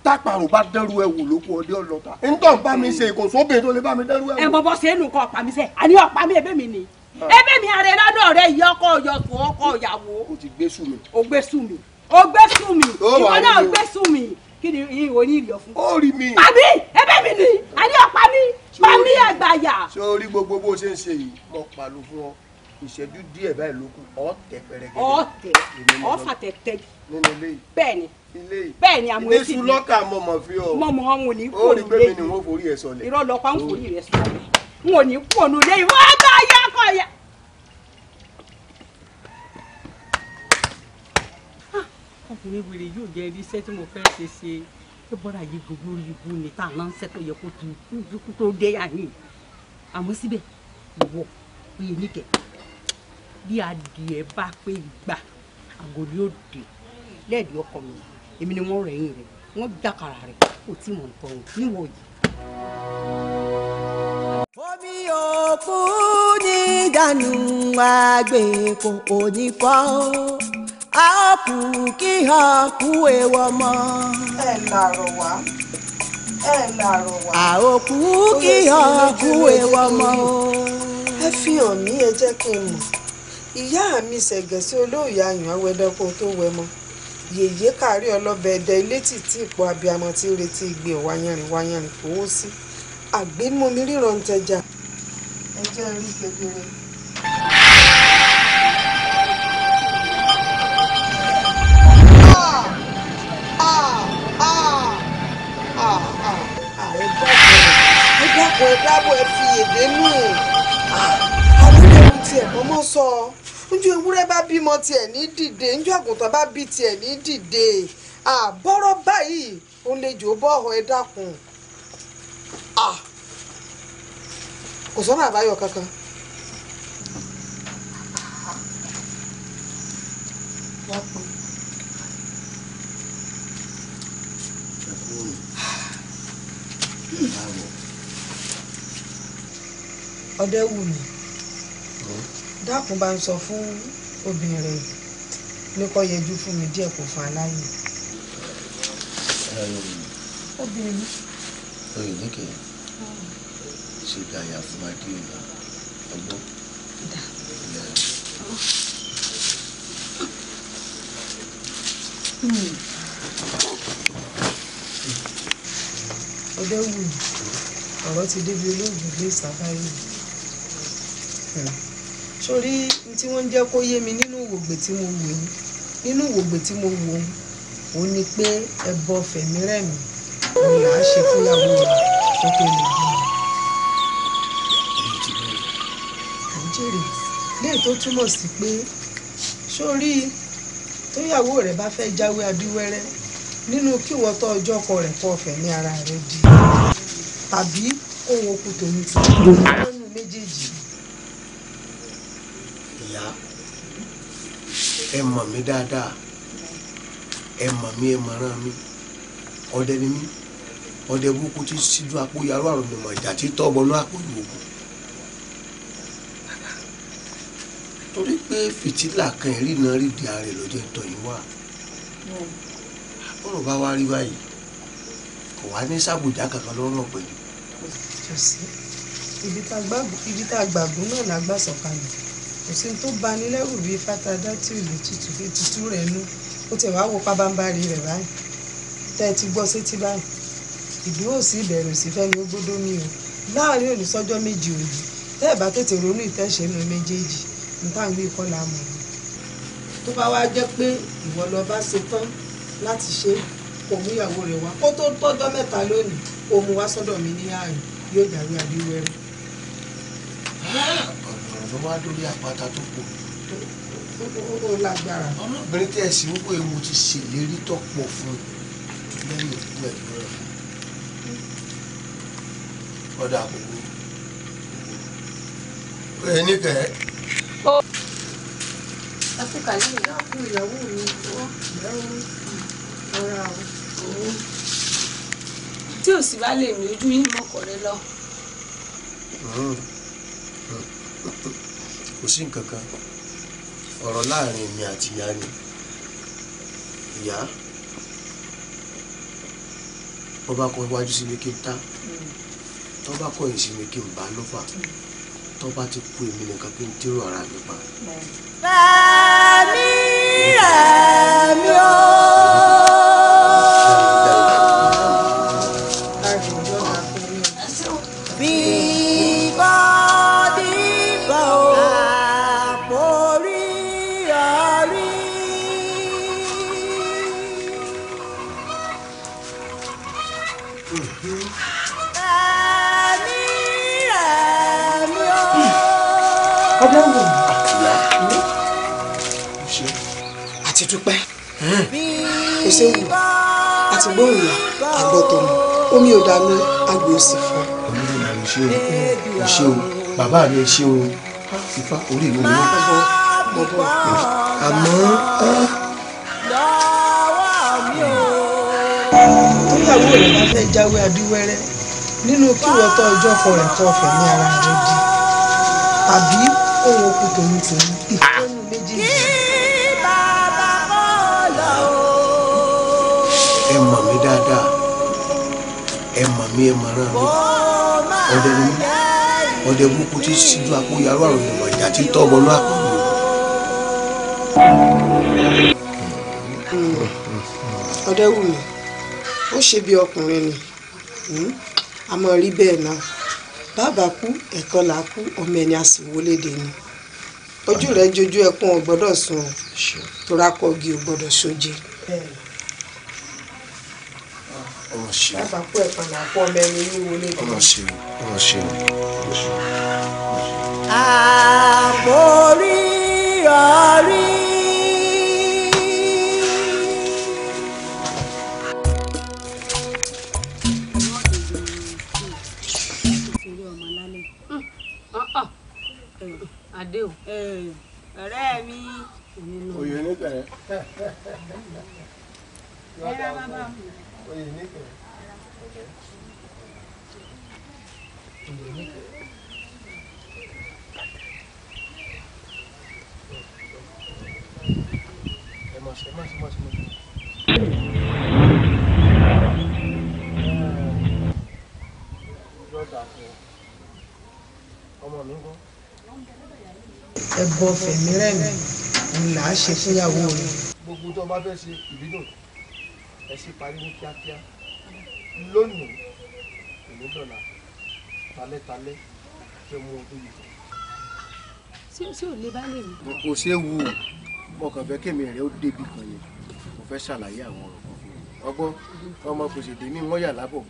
tápàrọ̀ bá dẹ́rù ẹ̀wù lóko ọdẹ ọlọ́ta ńtọ́ bá mi ṣe ìkòsóbìn tó lè bá mi dẹ́rù ẹ̀wù. ẹ bọ́ bọ́ sẹ́nu kan ọ̀pá sẹ́ àní ọ̀pá ẹ̀bẹ̀ mi ni ah. ẹ̀bẹ̀ mi àrẹ lọ́dọ̀ rẹ ìyá ọkọ ọ̀yọ̀tún ọkọ ìyàwó. o ti gbé sùn mi. o gbé sùn mi. o gbé sùn mi. ìwọ náà gbé sùn mi kí ni ìwọ ní ìrì ọ̀fun. ó rí mi. àbí ẹ̀bẹ̀ mi ni àní ọ̀pá mi pa mí àgbàyà. ṣé o rí gbogbo bó ṣe ń ṣe yìí mo pàlọ́ fún ọ ìṣẹ́jú díẹ̀ báyìí ló kù ọ̀tẹ̀ pẹ̀rẹ̀gẹ̀dẹ̀. ọ̀tẹ̀ ọ̀fàtẹ̀ tẹ̀. nínú ilé yìí. bẹ́ẹ̀ni bẹ́ẹ̀ni àmọ́ etí mi. ilé sulọ́kà mọ̀mọ́ fi ọ. mọ̀mọ́ wọn ò ní kú òní lé. ó rí pé mi ni wọ́n forí ẹ̀ sọlẹ̀. irọ́ lọ́pàá ń forí rẹ̀ sọlẹ̀. wọn ò ní kú òní lé ìwọ́n bá yá kọ̀ yá. ọkùnrin wèrè yóò jẹ́ rí iṣẹ́ tí mo fẹ́ ṣe ṣe ẹ bọ́ra yìí gbogbo ibu ni tá à ń ṣe tó yẹ kó tu kó tó dé yàyìn àmọ́ síbẹ̀ ìwọ oyè níkẹ́ bí adìẹ bá pé gbà àgòlí ò dé lẹ́ẹ̀dì ọkọ mi èmi ni wọ́n rẹ̀yìn rẹ̀ wọ́n dàkàrà rẹ̀ kò tí mò ń tọ́ ọ níwọ̀ yìí. omi òkú ní ganu àgbẹ̀kọ̀ kò ní kọ́ a ó kù kí hàn kú ewu ọmọ.
ẹ làrọ̀ wá ẹ làrọ̀ wá. a ó kù kí hàn kú ewu ọmọ. ẹ fi hàn mí ẹ jẹ́ kí n mọ̀ ìyá mi
ṣẹ̀gẹ̀sí olóòyè ayùn awẹ́dẹ́kọ tó wẹ mọ́ yèyé kárí ọlọ́bẹ̀ ẹ̀dẹ ilé títí ipò abiyamọ tí retí igbe wáyẹ̀rìn wáyẹ̀rìn fowó sí àgbémọ́mi ríran
tẹja ẹjẹ́ rí kedere.
àgbénú àwọn ewu tiẹ̀ mọ́mọ́ sọ njẹ́ ewúrẹ́ bá bímọ tiẹ̀ ní dìde njẹ́ àgùntàn bá bí tiẹ̀ ní dìde àbọ̀rọ̀ báyìí ó lè jò bọ́ ọ̀hún ẹ dákun kò sọ́nà àbáyọ kankan. Bravo ọ̀dẹ́wùmí hmm. dákun bá ń sọ fún obìnrin ní kó yẹjú fún mi díẹ̀ kó fún aláyè.
obìnrin.
oyè níkẹ ṣe
bí àyà fún adé ìlú ọgbọ́n. Hmm. ọ̀dẹ́wùmí ọ̀rọ̀ ti débi olóògùn lè sábà sórí tí wọ́n ń jẹ́ kó yé mi nínú ìwògbè tí mo wò ó nínú ìwògbè tí mo wò ó ní pé ẹbọ fẹ̀mí rẹ̀mí òun là á ṣe fúnyàwó wa kó tó lè bí mi. àjèrè léè tó túmọ̀ sí pé sórí tóyàwó rẹ̀ bá fẹ́ jáwé abíwẹ́rẹ́ nínú kí wọ́n tọ́ ọjọ́ kọ rẹ̀ kọ́ fẹ̀mí ara rẹ̀ di tàbí kó wọn kú tòun ti lọ́nà méjèèjì. ẹ mọ̀ mí dáadáa ẹ mọ̀ mí ẹ mọ̀ràn mi ọdẹ ni mí ọdẹ burúkú ti síjú apó yarú àrùn mi mọ̀ ìjà tí tọ́ bọnú àpò ìwògùn torí pé fìtílà kan ìrí náà rí di ààrẹ lọ́jọ́ ìtọ̀ yìí wà
hmm.
ọ̀rọ̀ bá wá rí báyìí kò wá ní sábùjá kankan lọ́rùn ọ̀pẹ̀lú. ibi tá a gbàgbọ́ náà la gbà sọ̀kalẹ̀ kò sí tó bani lẹ́rù bíi fatada tí ìlú tutù fi tutù rẹ̀ nú ó ti wáá wo pábánbárì rẹ̀ báyìí tẹ́ ẹ ti gbọ́ sétí báyìí ìdúró sí ìbẹ̀rù sí fẹ́ni ó mi o láàrin olùsọjọ́ méjì òní tẹ́ ẹ̀ bá tètè ronú ìtẹ́sẹ̀nu méjèèjì níta ń gbé la mọ̀ ọ́ tó bá wá jẹ́ pé ìwọ lọ bá ṣe tán láti ṣe kò mú ìyàwó rẹ̀ wá kó tó tọ́jọ́ mẹ́ta lónìí kó mú wá sọ́dọ̀ mi ní ààyè yóò dàrú àbí wẹ́rẹ́ tó wá dórí àpáta tó kù ó lágbára. ọmọbìnrin tí ẹ sì ń wò é mo ti ṣèlérí tó pọ̀ fún un lẹ́yìn ìkú ẹ̀ lọ́rọ̀ ọ̀dà àkókò ẹ níkẹ́.
áfíríkà yìí ìyá fún ìyàwó mi ó bẹ̀rù ọ̀rọ̀ àwọn òun.
tí ò sì bá lè mi ojú yín mọ̀kọ́ rẹ lọ.
Mm-hmm kò sí nǹkan kan ọ̀rọ̀ láàrin èmi àti ìyá ni ìyá
bó bá kọ iwájú sí mi kí n ta tó bá kọ yìí sí mi kí n bá ló fà ti kú èmi nìkan kí n dérò ara mi pa. Ràmí
ràmí ó. Àmì àmì ọ̀. Adáwò àkùlá
àti dúpẹ́. Kò séwu àti gbóhùn ìyá àgbọ̀tọ̀mù omi ò dànù agbè òsì fún. Omi ò dànù ṣé o, o ṣé o, bàbá mi ṣé o, ifá orí mi ò ní.
àmọ́. Ah,
nígbàwó rẹ̀ bá fẹ́ jáwé adíwẹ́rẹ́ nínú kí wọ́n tọ́ ọjọ́ fọ rẹ̀ kọ́ ọ̀fẹ́ ní ara rẹ̀ di tàbí ohun okùn tòlùtòlù ìkọ́nù
méjì. ẹ mọ̀ mí
dáadáa ẹ mọ̀ mí ẹ mọ̀ rán mi ọdẹ ni ọdẹ burúkú tí síjú àpò yàrá àròyìn ìmọ̀ ìjà tí tọ́ ọmọ náà ọdẹ wù mí ṣe bí ọkùnrin ni hmm? a mọ̀ rí bẹ́ẹ̀ náà bàbá kú ẹ̀kan là kú ọmọ ẹni àsìwò léde ni ojú rẹ̀ jojú ẹkún ò gbọ́dọ̀
sùn ò gbọ́dọ̀ sóje.
bàbá kú ẹ̀kan là kú ọmọ
ọ̀rí. Eh, adéo eh, ọ̀rẹ́ mi. oyè nìkẹrẹ. ẹ̀rọ bàbá mi. oyè nìkẹrẹ. oyè nìkẹrẹ. ẹ ẹbọ fẹ̀mí rẹ̀mí ńlá ṣe fúnyàwó rẹ̀.
gbogbo tó o bá fẹ́ ṣe ìbídò ẹ sì pariwo kíákíá lónìí ìlú dọ̀là talẹ́talẹ́ fẹ́ mú ojú yìí.
ṣé o ṣé o lè bá lè mú.
kò ṣeé wu ọkàn fẹ́ kémi rẹ̀ ó débi kan yẹn mo fẹ́ ṣàlàyé àwọn ọ̀rọ̀ ọgbọ́n
ọmọ kò sì dé ní wọ́n yà lábọ̀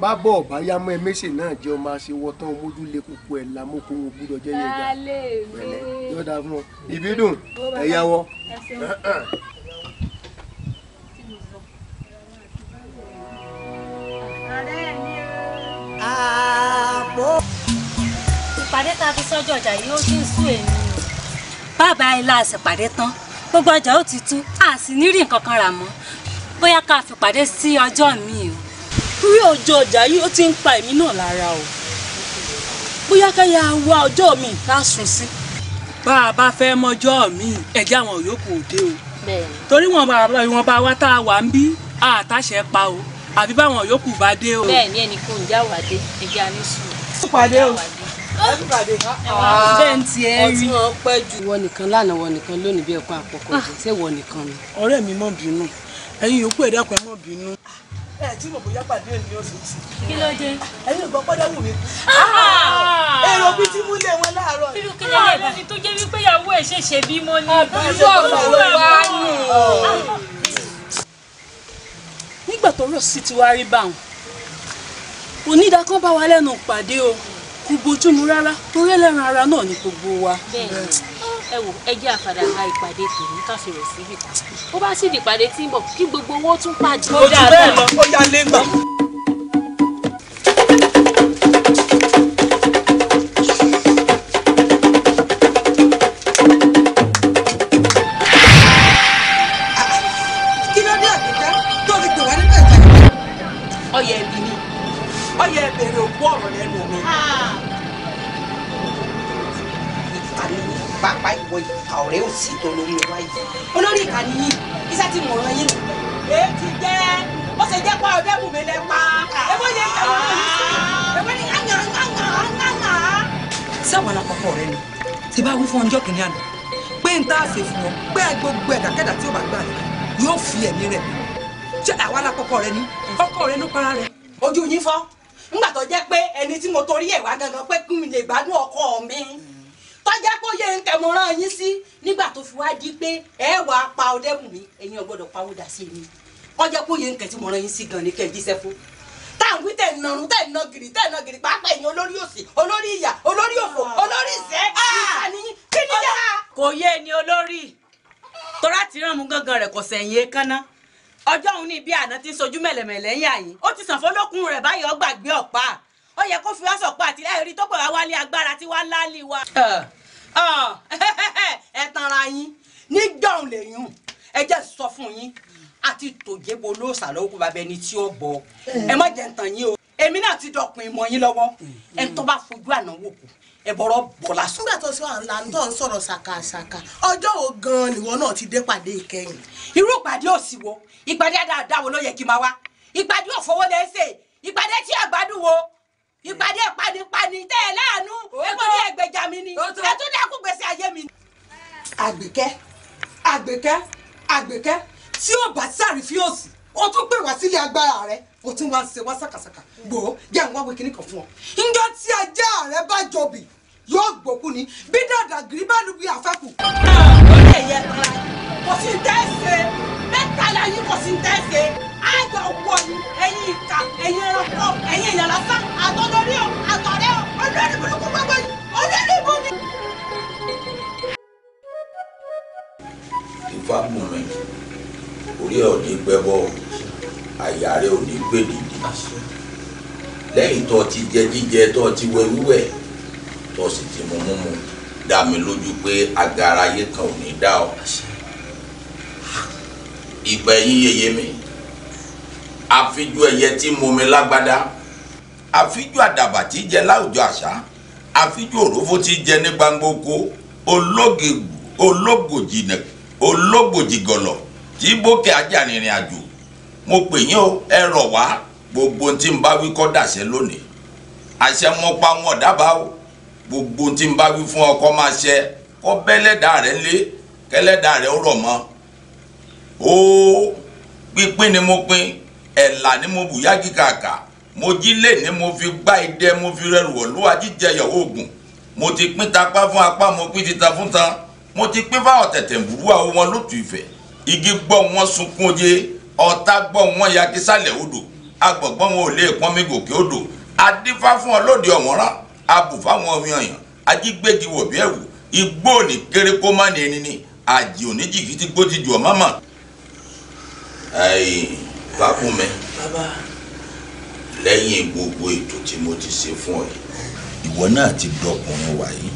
bábọ̀ ọ̀bá yá mọ́ ẹ méṣè náà jẹ́ ọmọ àṣewọ́tán mójú lé koko ẹ̀ lámókò wọn gbúdọ̀ jẹ́ yẹn gbà pẹ̀lẹ́ yóò fún ọ ìbídùn ẹ̀yàwó. ààbò. ìpàdé tá a fi sọ́jọ́ ọjà yìí ó ti ń sú èmi o. bàbá ilá àṣepàdé tán gbogbo ọjà ó ti tú a sì ní rí nǹkan kan rà mọ́ bóyá ká fi pàdé sí ọjọ́ mi o. rí ọjọ́ ọjà yìí ó ti ń pa èmi náà lára o bóyá káyà wá ọjọ́ mi ká sùn sí. bá a bá fẹ́ mọ́jọ́ mi ẹ̀jẹ̀ àwọn yòókù òde o torí wọn bá wọn bá wá tá a wà ń bí àtàṣe pa o àbí báwọn yòókù bá dé o. bẹ́ẹ̀ ni ẹnì kò ń já wà dé ẹ̀jẹ̀ àní sùn. ó pàdé o ah. ọtí wọn pẹ́ jù. wọ nìkan lánàá wọ nìkan lónìí bí ẹ̀kọ́ àpọ̀kọ̀ ah. ṣé wọ nìkan ni. ọ̀rẹ́ mi mọ̀ bínú ẹ̀yin yòókù ẹ dákun ẹ mọ̀ bínú. ẹ tí mo bóyá pàdé èmi oṣooṣù. kí ló dé. ẹ̀yin ìgbọ́ pọ́dá wù mí. Ah! Ah! èrò bíi ti mú lé wọn láàárọ̀. irú kí ló lè bá ah! tó jẹ́ wípé ìyàwó ẹ̀ ṣe ṣe bí mo ní. àbúrò ọ̀rọ̀ wa nù. nígbà tó rọ̀ sí ti wá rí báwọn onídàá kan bá wa lẹ́nu pàdé o kò bójúmu rárá torí ẹlẹ́ran ara náà ni gbogbo wa. bẹ́ẹ̀ ẹ wò ẹ jẹ́ àfàdà ha ìpàdé tòun káfí rẹ̀ síbì bó bá sì dìpàdé tí ń bọ̀ kí gbogbo owó tún pàdé. ó jù bẹ́ẹ̀ lọ ó yá lé gbà. sí tó lórí wa yìí olórí ìkànnì yìí iṣẹ́ tí mo rán yín nù. èé ti jẹ́ ó ṣe jẹ́ pa ọdẹ mú mi lẹ pa èbó yẹn ń tẹ̀wọ́n lórí sí èbó ni ńgà ńgà ńgà ńgà. sáwọn alákọ̀ọ́kọ́ rẹ ni ti bá wí fún ọjọ́ kìíní àná pé n tá a ṣe fún ọ pé gbogbo ẹ̀dàkẹ́dà tí ó bá gbà ní yóò fi ẹ̀mí rẹ̀ ṣé àwọn alákọ̀ọ́kọ́ rẹ ni ọkọ rẹ ló para rẹ ojú yín fọ́ ńgbà tó jẹ́ pé ẹni tí mo torí ẹ̀ gangan pé kí mi lè gbádùn ọkọ mi tọ́já kó yẹ nkẹ̀mọ́ràn yín sí nígbà tó fi wá di pé ẹ wà á pa ọdẹ́bùnmi ẹ̀yin ọgbọ́dọ̀ pawódà sí mi kọjá kó yẹ nkẹ̀ tí mọ̀ràn yín sí gan ni kẹ́ ẹ jíṣẹ́ fún táwọn wí tẹ̀ nàrún tẹ̀ nà gìrì tẹ̀ nà gìrì pàápàá ẹ̀yin olórí òsì olórí ìyà olórí òfò olórí ìṣẹ́ ah! kí ni yá. kò yé ni olórí torá ti rán mu gángan rẹ̀ kò sẹ̀yìn èékánná ọjọ́ òun ní ibi àná ti sojú mẹ̀lẹ̀mẹ̀lẹ̀ yín àyín ó ti sàn fọlọ́kùn rẹ̀ báyìí ó ọ̀pá ó yẹ kó fi wá sọ̀pọ̀ àtìlẹ́yìn rí tó pè wá wálé agbára tí wá láálí wa. ẹ tanra yín níjọ́hún lèyún ẹ jẹ́ sọ fún yín àti tòjébo lóòsà lọ́wọ́ kó bàbá ẹni tí ó bọ̀ ẹ má jẹ́ ntàn yín o èmi náà ti dọ̀pin ìmọ̀ yín lọ́wọ́ ẹ tó bá fojú àná wò kù ẹ bọ̀rọ̀ bọ̀ lásán. nígbà tó sọ àǹlà ń tọ́ ń sọ̀rọ̀ ṣàkàṣàkà ọjọ́ wo gan-an nìwọ náà ti dé pàdé ìkẹyìn. irú ìpàdé òsì wo ìpàdé àdáadáa wo ló yẹ kí n máa wá ìpàdé òfowó lẹ́sẹ̀ ìpàdé tí àgbàdo wo ìpàdé panipani tẹ́ ẹ láàánú ẹgbẹ́ni ẹgbẹ́jà mi ni ẹtún dẹ́kun gbèsè ayé mi. àgbẹ̀kẹ́ àgbẹ̀kẹ́ àgbẹ̀kẹ́ tí ó bá sáré fi òsì ó tún pè wá sílé agbára rẹ o tún wá ń ṣe wá ṣàkàṣàkà gbòó jẹ́ àwọn wáwé kìnnìkan fún ọ. ǹjọ́ tí ajá rẹ bá jọbì yóò gbòkú ni bí dàdà gírí bá lu àfẹ́kù. ó lè yẹ kó sì tẹ́ ṣe kálá yín kò sí tẹ́sẹ̀ àjọ wọ ni ẹ̀yin ìka ẹ̀yin ẹranko ẹ̀yin èèyàn lásán àtọ́lórí o àtọ̀rẹ́ o
olórí burúkú gbogbo yìí olórí ibú ni.
ifá mú mi orí ẹ̀ ò ní gbẹ bọ́ àyà rẹ̀ ò ní gbèdìdì lẹ́yìn tó ti jẹ jíjẹ tó ti wẹ wíwẹ̀ tó sì ti mú mú mu dá mi lójú pé agara ayé kan ò ní dá ọ ìgbà ẹ̀yìn yeye mi àfijú ẹyẹ tí mo mi lágbádá àfijú àdàbà tí jẹ láwùjọ àṣà àfijú òrófó tí jẹ ní gbangba oko ológòjì nà ológòjì gọlọ tí bókè ajá rìnrìn àjò mo pè yín o ẹ rọ̀ wá gbogbo tí n bá wí kọ́ dàṣẹ lónìí àṣẹ mo pa wọn dábàá o gbogbo tí n bá wí fún ọkọ máa ṣe kọ́ bẹ́lẹ́dàá rẹ̀ lé kẹ́lẹ́dàá rẹ̀ ó rọ̀ mọ́ ó pínpín ni mo pín ẹ̀là ni mo bù yági kàkà mo jí lè ní mo fi gbá idẹ mo fi rẹrù ọ̀lúwa jíjẹ yọ̀wọ́ ògùn mo ti pín tapá fún apá mo pín títa fún tan mo ti pín fáwọn tẹ̀tẹ̀ burú àwọn wọn lótú ìfẹ́ igi gbọ́ wọn sunkún oje ọ̀tá gbọ́ wọn ya kísàlẹ̀ odò agbọ̀gbọ́n wọn ò lè pọ́n mi gòkè odò adífá fún ọ lóde ọ̀mọ́rán abù fáwọn ọmọ èèyàn ajígbégi wọ̀bí ẹ̀wù igbó ní kéré kó má ní ẹni ni àjì òní jìgì tí gbó ti jù ọ́ mọ́mọ́ Fákúnmi lẹ́yìn gbogbo ètò tí mo ti ṣe fún ọ yìí ìwọ náà ti dọkùnrin wàyí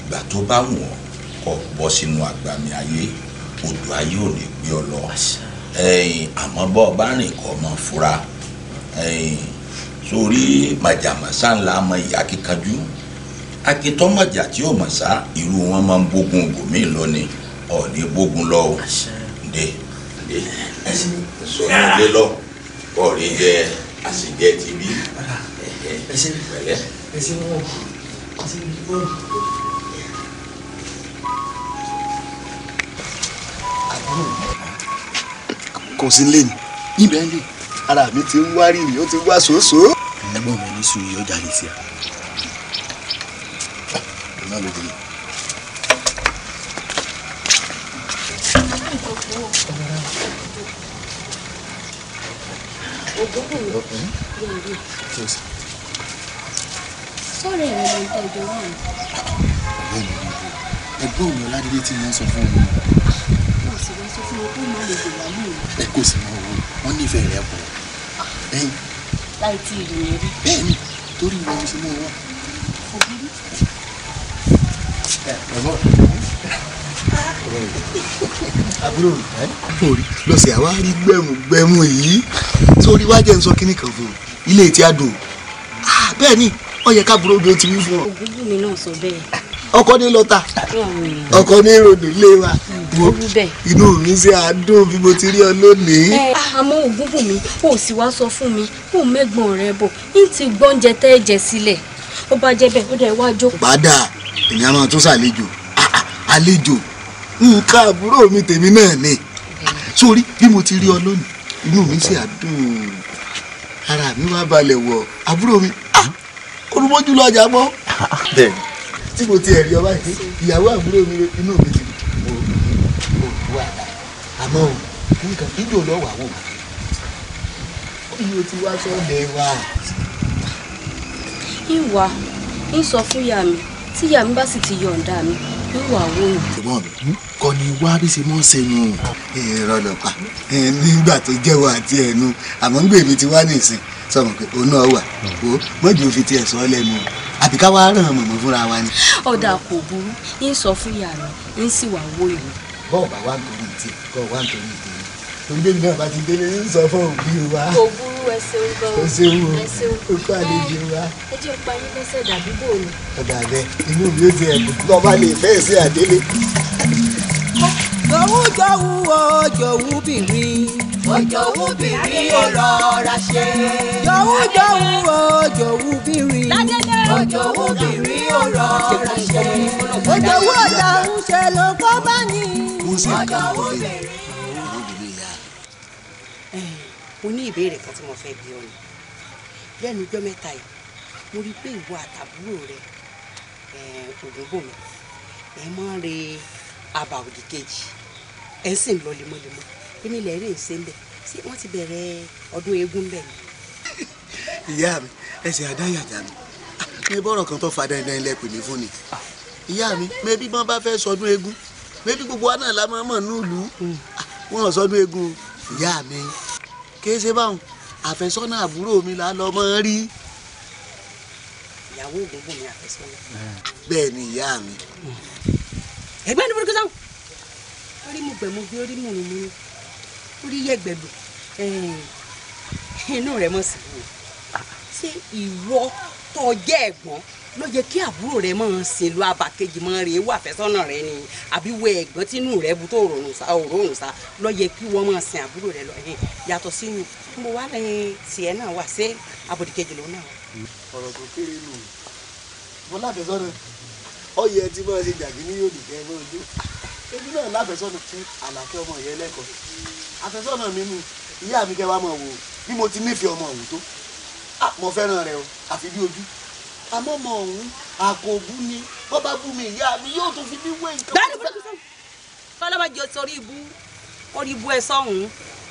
ìgbà tó bá wùn ọ́ kó bọ́ sínú àgbàmì ayé odò ayé ò ní gbé ọ lọ àmọ́ bọ́ ọ bá rìn kọ́ ọmọ fura sórí màjàmásá ńlá ọmọ ìyá kíkanjú akitọ́mọ̀jà tí ó mọ̀ sá irú wọn máa ń bógun gòmí lọ ni ọ̀ ní bógun lọ o. Àṣẹ dé sọ̀rọ̀ dé ah. lọ kọ́ọ̀rí jẹ àṣìjẹ ti bí pẹ̀lẹ́.
kò sí lé ní níbẹ̀ lè ara mi ti ń wá rírì ó ti wá sòsò.
ẹ̀gbọ́n mi ní sùn yìí ó jalè sí i. sọ́ọ̀rẹ́ ẹ̀rọ ló
ń tọ́ ìjọ wà ní.
ẹgbẹ́ òun ọ̀làdílé tí wọ́n sọ fún mi. wọ́n
sì wá sọ fún mi pé má lè dè wá mú mi.
ẹ kò sì mọ owó wọn nífẹ̀ẹ́ rẹ pọ̀.
láì tí ì rìn rí. bẹ́ẹ̀ni torí ìwọ ni ṣe mú owó.
ẹ ẹ bọ́ọ̀ àbúrò lọ́sẹ̀ àwa rí gbẹ̀mù gbẹ̀mù yìí
sórí wá jẹ́ ń sọ kínní kan fún un ilé tí a dùn bẹ́ẹ̀ ni ó yẹ ká burú ti wí fún ọ. ògúngún mi náà sọ bẹ́ẹ̀. ọkọ ní lọta ọkọ ní ròdò ilé wa wo inú mi ṣe àdùn bí mo ti rí ọ lónìí. àmọ́ ògúngún mi ò sì wá sọ fún mi kó mẹ́gbọ̀n rẹ bọ̀ ní ti gbọ́únjẹ tẹ́ ẹ jẹ sílẹ̀ ó bá jẹ́ bẹ́ẹ̀ ó dẹ̀ wá bàdà èmi máa tún ṣàlejò ah, ah, àlejò nǹkan àbúrò mi tèmi náà ni sórí bí mo ti rí ọ lónìí inú mi sì àdùn ara mi wá balẹ̀ wọ̀ àbúrò mi ah! olùmọ́jú lọ ọjà mọ́ tí mo ti ẹ̀rí ọba yìí ìyàwó àbúrò mi inú mi ti mo mo wà dá àmọ́ o nǹkan ìdò lọ́wọ́ àwọn òbí iye tí wàá sọ̀dẹ̀ wa. ìwà ń sọ fún ìyá mi tí ìyá mi bá sì ti yọ̀ǹda mi wà wò ó. ṣùgbọ́n mi kọ́ ni wá bí ṣe mọ́ ṣe nu ìrọ̀lọ́pà nígbà tó jẹ́wọ́ àti ẹ̀nu àmọ́ ń gbèmí ti wá nìsín sọmọ pé òun náà wà ó mọ́jú fi tiẹ̀ sọ lẹ́nu àbí ká wá ràn mọ̀mọ́ fúnra wa ni. ọ̀dà kò burú ń sọ fún yàrá ń sì wà wò ìlú. bọ́ọ̀ bá wà nítorí ìtì kọ́ wà nítorí ìtì torí bẹ́ẹ̀ náà bá ti délé ń sọ fún òbí wa. kò burú ẹ ṣeun gan o ẹ ṣeun o ẹ ṣeun o kó àlejò wa. ẹ jẹ́ pa yín lẹ́sẹ̀ dàbí bò ọ̀dà bẹ inú mi ò ti ẹ̀kú tó bá lè fẹ́ sí àdélé. jọ̀wú jọ̀wú o jọ̀wú bìnrin. o jọ̀wú bìnrin o rọra ṣe. jọ̀wú jọ̀wú o jọ̀wú bìnrin. o jọ̀wú bìnrin o rọra ṣe. o jọ̀wú ọ̀dà ń ṣe ló kọ́ bá ní. o jọ̀wú bìnrin mo ní ìbéèrè kan tí mo fẹ́ bi ọ́ ni lẹ́nu ọjọ́ mẹ́ta yìí mo rí i pé ìwọ àtàbúrò rẹ ògúnbòmí ẹ mọ́ re àbà òdì kejì ẹ sì ń lọ lemọ́lemọ́ èmi lẹ̀ rí ìṣe ń bẹ̀ ṣé wọ́n ti bẹ̀rẹ̀ ọdún eégún bẹ̀ ni. ìyá mi ẹsẹ̀ àdáyàjà mi mi bọ́rọ̀ kan tó fa dandan ilẹ̀ pè mí fún ni ìyá mi mẹ́bí bọ́n bá fẹ́ sọdún eégún mẹ́bí gbogbo wa náà la máa nílùú hmm. wọn sọdún eégún ìyá mi kìí ṣe báwọn àfẹ́sọ́nà àbúrò mi là lọ mọ́ rí. ìyàwó ògúngún mi àfẹ́sọ́nà. bẹ́ẹ̀ ni ìyá mi. ẹgbẹ́ ni burúkú sáwọn orí mu gbẹ̀mú bí orí mu nù mú ni orí yẹ gbẹ̀dù inú rẹ̀ mọ̀ sí i ṣé ìwọ tó ẹ̀gbọ́n ló yẹ kí àbúrò rẹ máa sìn lu abàkejì máa rè wà fẹ́sọ́nà rẹ ni àbí wẹ ẹ̀gbọ́n tínú rẹ bu tó òrùn sa òrùn sa ló yẹ kí wọ́n máa sìn àbúrò rẹ lọ yẹn yàtọ̀ sí mi mo wá lẹ́yìn tiẹ̀ náà wà sí abòdìkejì ló náà.
ọ̀rọ̀ tó kéré nù
mo láfẹ́sọ́nà ọyẹ tí mo ṣe jàgí ní yòòdì kẹ́ mo jó ebi náà láfẹ́sọ́nà fún àlàkẹ́ ọmọ ìyẹn lẹ́kọ̀ọ́ àfẹ́sọ́nà mi nù ìyá mi kẹ́ wá mọ̀ wò bí mo ti nífẹ̀ẹ́ ọmọ òwò tó ah, mo fẹ́ràn rẹ o àfi bí ojú amọ́mọ́ ọ̀hún àgòbú ni bó bá bú mi ìyá mi yóò tún fi mí wé nǹkan. bẹ́ẹ̀ni bó ló fi sọ tọ́lọ́bà jẹ́ sọrí ibú kọ́rí ibú ẹ sọ́hún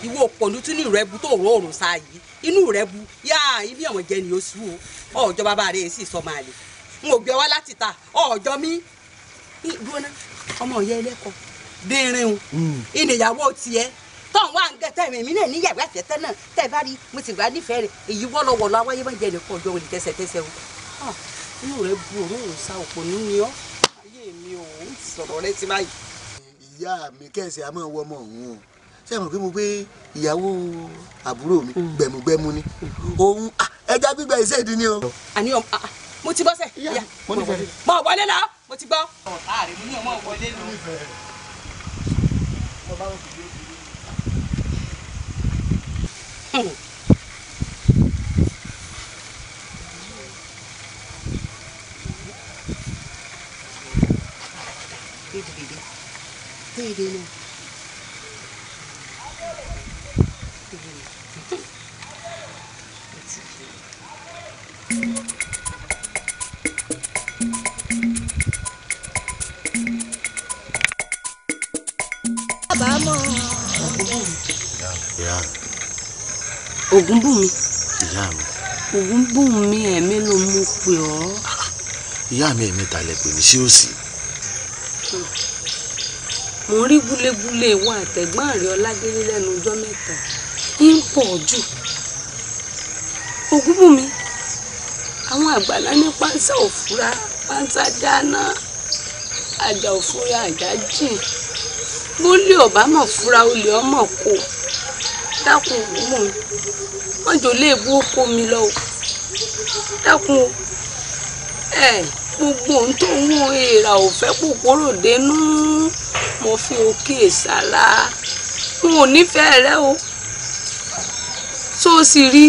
ìwọ òpònú tún ní ìrẹ́bu tó rò òrùn sáàyè inú ìrẹ́bu yá ibi ẹ̀wọ̀n jẹ́ ni ó sú o ọ̀jọ́ bàbá rẹ̀ sì sọ máa lè n ò gbé ọ wá láti ta ọ̀jọ́ mi gbóná ọmọ ìyá ẹlẹ́kọ̀ọ́ bẹ́ẹ̀rẹ̀ o hmm. ìnìyàwó tiẹ̀ tọ́ wá ń gẹ̀tẹ́ mi mi náà níyàwó àfẹ́tẹ́ náà tẹ́ bá rí mo sì wá nífẹ̀ẹ́ rẹ̀ èyí wọ́lọ́wọ́lọ́ awáyé bá jẹ́ ẹnìkan ọjọ́ òní tẹ́sẹ̀tẹ́sẹ̀ o Ah, inú rẹ bu òun ò sa ọ̀pọ̀ nínú ni ọ́ ayé mi ò ń sọ̀rọ̀ rẹ ti báyìí. ìyá mi kẹ́sì a máa wọ ọmọ òun o ṣé mo pé mo pé ìyàwó àbúrò mi hmm. gbẹ̀mùgbẹ̀mù ni òun ah, ẹja gbígbẹ iṣẹ́ ìdí ni o. àní ah, mo ti bọ́ sẹ̀ ìyá mo ní fẹ́rẹ̀. mo wọlé lọ mo ti gbọ́. ààrẹ mi ní ọmọ wọlé lọ. mo bá wọn kò dé. Hmm. zai daina ògún bù mí. ìyá mi. ògún bù mí ẹ̀mí ló mú pè ọ́.
ìyá mi ẹ̀mí ta lẹ pè mí sí òsì.
Hmm mò ń rí gúlégúlé wa àtẹ̀gbọ́n rẹ̀ ọlágélé lẹ́nu ọjọ́ mẹ́ta ń pọ̀ jù ògúnbùnmi àwọn àgbàlá ní pánsá òfúra pánsá dáná àjà òfúra àjà jìn bólé ọ̀bámọ̀ fúra olè ọmọ kò dákun ògúnbùnmi mọ́jọ́ léèbú ó kó mi lọ dákun ẹ̀. Eh gbogbo ohun tó ń wọ èèrà ò fẹ́ kòkòrò dénú mo fi òkè sàlá n ò nífẹ̀ẹ́ rẹ o
tó sì rí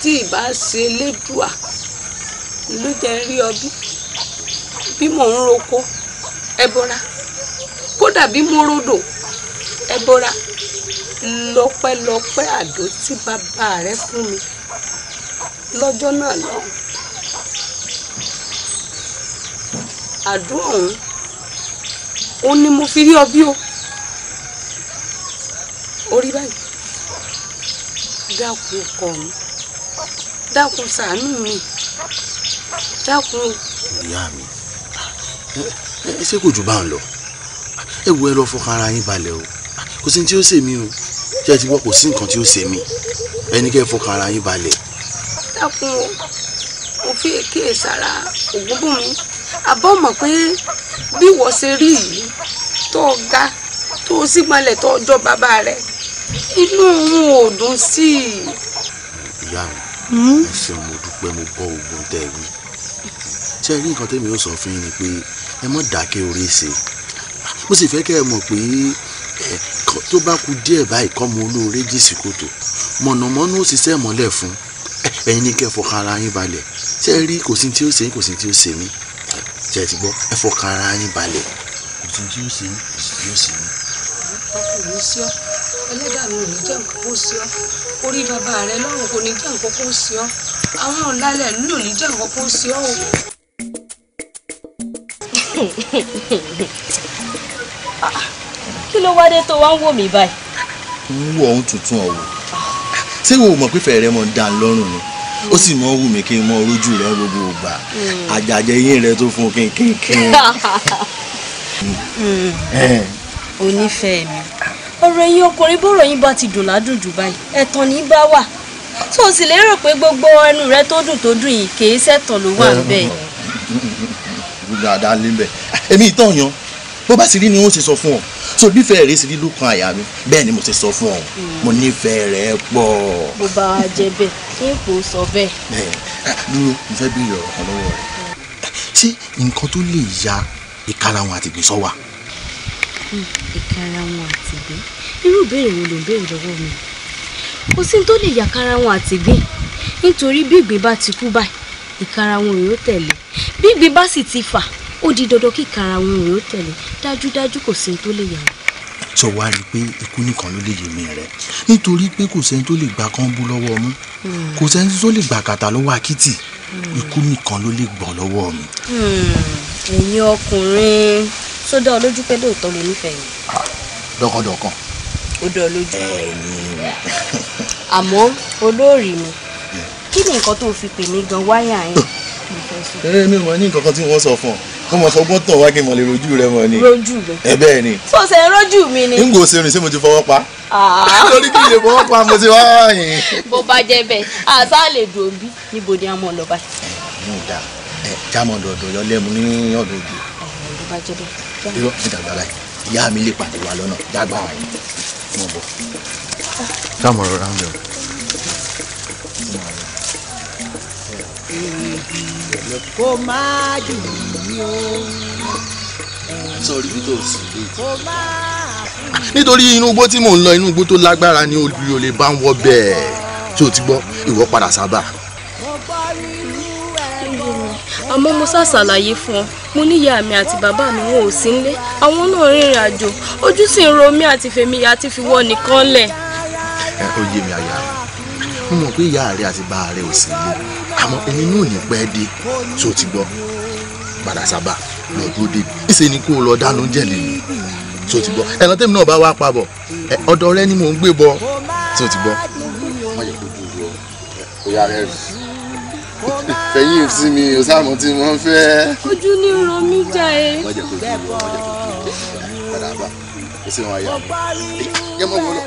tí ìbá ṣe lẹ́dùà ló jẹ́ rí ọbí bí mò ń roko ẹbọra kódà bí mo rodò ẹbọra lọ́pẹ́lọpẹ́ àdó tí bàbá rẹ fún mi lọ́jọ́ náà lọ́hùn. àdúrà ọ̀hún ó ní mo fi rí ọ bí o orí báyìí dákun ọkọ mi dákun ṣàánú mi dákun.
ìyá mi ẹ ṣe kò jù bá ń lọ ẹ wo ẹ lọ fọkàn ara yín balẹ̀ o kò sí ní tí ó ṣe mí o ṣé ẹ ti gbọ́ kò sí nǹkan tí ó ṣe mí ẹni kẹ́ ẹ fọkàn ara yín balẹ̀.
dákun o
mo fi èké sára ògúnbùnmi àbọ̀ mọ̀ pé bí wọ́n ṣe rí yìí tó ga tó sì gbalẹ̀ tó ọjọ́ bàbá rẹ̀ inú
òun ò dùn sí i. ìyá mi hmm? ẹ
ṣeun mo dúpẹ́ mo gbọ́ ogun tẹ́ ẹ wí ṣe rí nǹkan tẹ́mi ó sọ fún yín ni pé ẹ mọ̀ dákẹ́ orí ṣe mo sì fẹ́ kẹ́ ẹ mọ̀ pé tó bá ku díẹ̀ báyìí kọ́ mo olóore jì sí kòtò mọ̀nàmọ́ná ó sì sẹ́ mọ́lẹ̀ fún ẹ̀yin ní kẹ́ fọkàn ara yín balẹ̀ ṣe rí kò tí ó ṣe kò sí tí ó ṣe mí ṣe ti gbọ́ ẹ fọkàn ara yín balẹ̀.
ìtì tí ó ṣe yóò ṣe mí.
ọkùnrin sí ọ ẹlẹ́dàá mi ò ní jẹ́ nǹkan
kó sí ọ orí bàbá rẹ lọ́rùn kò ní jẹ́ nǹkan kó sí ọ àwọn ọ̀làlẹ̀ ní ò ní jẹ́ nǹkan kó sí ọ o. kí ló wá dé tó wá ń wò mí báyìí.
ń wọ ohun tuntun ọ̀wọ̀ ṣé wo mọ̀ pé fẹ̀rẹ̀ mọ̀ dá lọ́rùn ni ó sì mọ wù mí kí n mọ orójú rẹ gbogbo ògbà
hmm.
àjàjẹ yín rẹ tó fún kínkínkín.
Hmm. Eh. onífẹ̀ẹ́ mi ọ̀rọ̀ ẹ̀yin ọkùnrin bọ́rọ̀ yín bá ti dùn ládùn jù báyìí ẹ̀tàn ní bá wà tó o sì lérò pé gbogbo ẹnu rẹ tó dùn tó dùn yìí kì í ṣẹ̀tàn ló wà níbẹ̀. Eh,
hmm, dáadáa níbẹ̀ ah, èmi ìtàn yan bó bá sì rí ni wọ́n ṣe sọ fún ọ so nífẹ̀ẹ́ rẹ sì rí lókun àyà mi bẹ́ẹ̀ ni mo ṣe sọ fún ọ mo nífẹ̀ẹ́ rẹ pọ̀. bó
bá jẹ bẹ́ẹ̀ ṣé kò sọ bẹ́ẹ̀.
bẹ́ẹ̀ dúró mo fẹ́ bí ìrọ̀rùn kan lọ́wọ́ rẹ̀ ṣé nǹkan tó lè ya ìkarahun àtìgbín sọ wà.
Hmm, ìkarahun àtìgbín irú ìbéèrè wo ló ń béèrè lọ́wọ́ mi kò sí tó lè ya karahun àtìgbín nítorí bí ìgbín bá ti kú báyìí ìkarahun rèé ó tẹ̀lé bí ìgbín bá sì ti fà ó di dandan kí ìkarahun rèé ó tẹ̀lé dájúdájú kò sí tó lè yàrá
sọ wá rí i pé ikú nìkan ló lè yé mi rẹ nítorí pé kò sẹ́ni tó lè gba kánbú lọ́wọ́ ọmú kò sẹ́ni tó lè gba kàtà lọ́wọ́ akitì ikú nìkan ló lè gbọ́ lọ́wọ́ mi.
Hmm, ẹ̀yin ọkùnrin sódà olójú pé lóòótọ́ ló nífẹ̀ẹ́ yìí. Ah, dọ́kàndọ́kàn. ó dọ̀ àmọ́ olóòrì mi kí ni nǹkan tó fi pè mí gan wáyà yẹn.
èmi ò mọ ní nǹkankan tí wọ́n sọ fún ọ kó mọ fọgbọ́n tàn wá kí n mọ lè rojú rẹ mọ ni. rojú rẹ ẹ bẹ́ẹ̀ ni.
tó ṣe ń rojú mi ni. n kò
ṣe rìn sí mo ti fọwọ́ pa. lórí ah. kí n lè fọwọ́ pa mo ti wá yìn.
bó bá jẹ bẹ́ẹ̀ àṣà lè dùn bí níbo ni a mọ lọ bá. ẹ̀yin
ò dáa ẹ jámọ dọdọ yọ lẹmu ní ọ̀dọ̀ òde.
bó bá jẹ bẹ́ẹ̀.
irọ́ ìyá mi lè pàdé wa lọ́nà dàgbà wọn. mo bọ̀. sáà mo
kó má dùn mí o.
tó sì lè. kó má fún nítorí inú igbó tí mò ń lọ inú igbó tó lágbára ni olùyọ bá ń wọ bẹ́ẹ̀ tí o ti gbọ́ ìwọ padà sábà.
àmọ́ mo sá ṣàlàyé fún ọ mo níyà mi àti bàbá mi wọn ò sí nílé àwọn náà rìnrìn àjò ojú sì ń ro mi àti fèmi àti fiwọ́ nìkan lẹ̀.
ẹ ó yé mi àyà mi mo mọ̀ pé ìyá rẹ àti bá rẹ ò sí ilé àmọ́ èmi náà pẹ́ dé tó ti gbọ́ padà sábà lọ dúró dé ìṣe ni kó o lọ dáná oúnjẹ lè tó ti gbọ́ ẹran tèmi náà bá wá pa bọ̀ ọ̀dọ̀ rẹ ni mò ń gbé bọ̀ tó ti gbọ́. wọ́n rẹ rù sí mi ò sáà mọ̀ tí wọ́n fẹ́.
ojú ní ro mi jà e.
padà bá ó sì wọ́n ayé àwọn yẹ́n mọ̀ lọ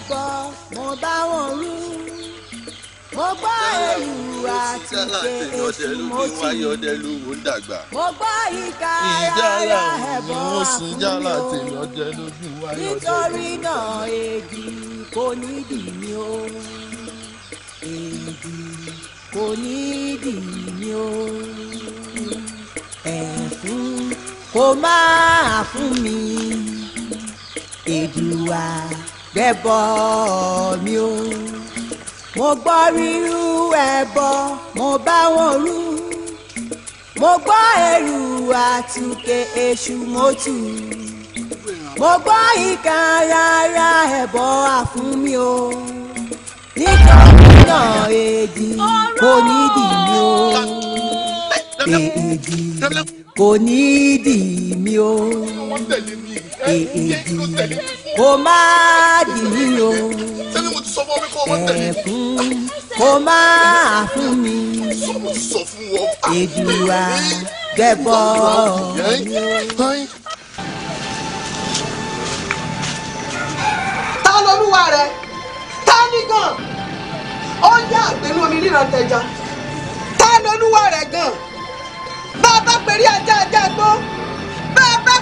mo gbọ́ ìlú àti pé
èsì mo ti mo
gbọ́ ìka ara
ẹ̀bọ̀n àkúrò
nítorí náà èdè kò nídìí ni ó èdè kò nídìí ni ó ẹ̀fún kò máa fún mi èdùwà gbẹ́bọ̀ mi ó mo gbọ́ rírú ẹbọ mo bá wọn rú mo gbọ́ èrú àtúnkẹ́ èṣù mo tù mo gbọ́ ìkan rárá ẹbọ o nítorí náà èdè kò ní dì mí o èdè kò ní dì mí o
èébì kò
má dì mí o
ẹ̀kún kò má fún mi èdùwà
gbẹ̀bọ̀ mi. ta lolúwa rẹ ta ni gan ó yá àgbẹnú omi ríran tẹja ta lolúwa rẹ gan bá a bá pèrè ajá ajá gbọ́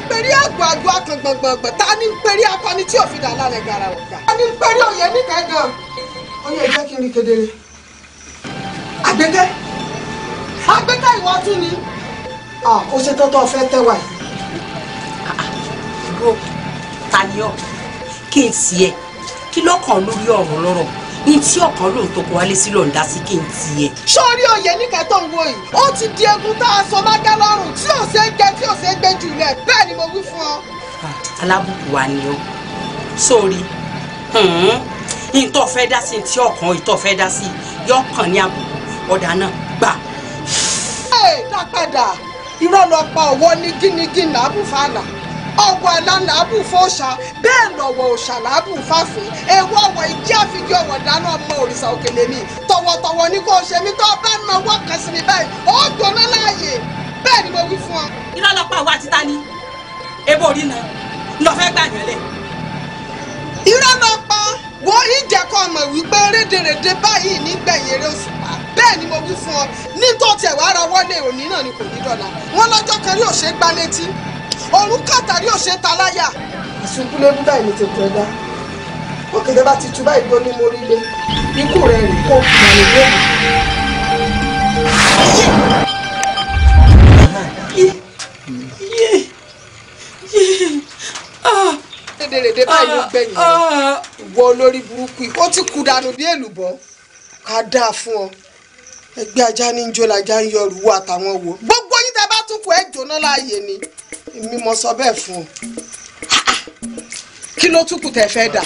perí àgbò àgbò akàn gbọ̀ngbọ̀ngbọ̀n ta ni perí akọni tí òfin dà lálẹ́ gara ọ̀gá. ta ni perí òye ní gángan. oyè jẹ́ kí n rí kedere. àgbẹ̀kẹ́ àgbẹ̀kẹ́ ìwọ tún ni. ó ṣe tọ́tọ́ fẹ́ tẹ́wà yìí. bro ta ni ọ kí n tiẹ̀ kí lọ́kàn lórí ọ̀rọ̀ lọ́rọ̀ n tí ọkàn lòun tó kọ wálé sí lòun dá sí kí n tiẹ̀. sọ́ọ́rí oyè níkẹ́ tó ń wo yìí ó ti di egun tá a sọ mágá lọ́rùn tí ò ṣe é jẹ tí ò ṣe é gbé jù lẹ̀ bẹ́ẹ̀ ni mo wí fún ọ. Ah, alábùkù wa ni ọ sórí ìtọ́ fẹ́ dá sí tí ọkàn ìtọ́ fẹ́ dá sí yọ kàn ní àbùkù ọ̀dà náà gbà. ẹ dá padà irọ́ lọ pa ọ̀wọ́ ní gínígínà àbúfàlà ọwọ́ ẹ̀la làábù fọ́ṣà bẹ́ẹ̀ lọ́wọ́ òṣà làábù fàfin ẹ̀wọ́ ọwọ́ ìjì àfijì ọwọ́ dáná ọmọ òrìṣà òkèlè mi tọ̀wọ̀tọ̀wọ̀ ní kò ṣe mí tó bá ń náwó kan sí mi báyìí ó jóná láàyè bẹ́ẹ̀ ni mo wí fún ọ. iná lọ pa àwọn àti ta ni ebo orí na lọ fẹ́ gbà yẹn lẹ. irọ́ lọ pa wo ìjẹ́kọ̀ ọmọ wípé rédèrèdè báyìí nígbẹ̀yìn eré òṣùpá bẹ́ẹ̀ ni mo wí fún ọ ní tó tiẹ̀ ra wọlé òní náà ni kò ní dọ̀la wọn lọ́jọ́ kan yóò ṣe gbá ọ̀run kàtàrí òṣè ta láyà. ìṣubúlébú báyìí ni tètè ẹ̀dá òkèdè bá ti tu báyìí gbó ní morí lé ikú rẹ̀ rè kó màlè lóhùn. rèdèrèdè báyìí ló gbẹ̀yìn rẹ̀ ìwọ olórí burúkú ó ti kú dànù bí èlùbọ́ ká dáa fún ọ ẹgbẹ́ ajá ní ń jó lajá ń yọrù wọ àtàwọn wo gbogbo yín tẹ bá tún kú ẹ jóná láàyè ni ni mo sọ bẹ́ẹ̀ fún ọ kí ló tún kù tẹ́ fẹ́ dà.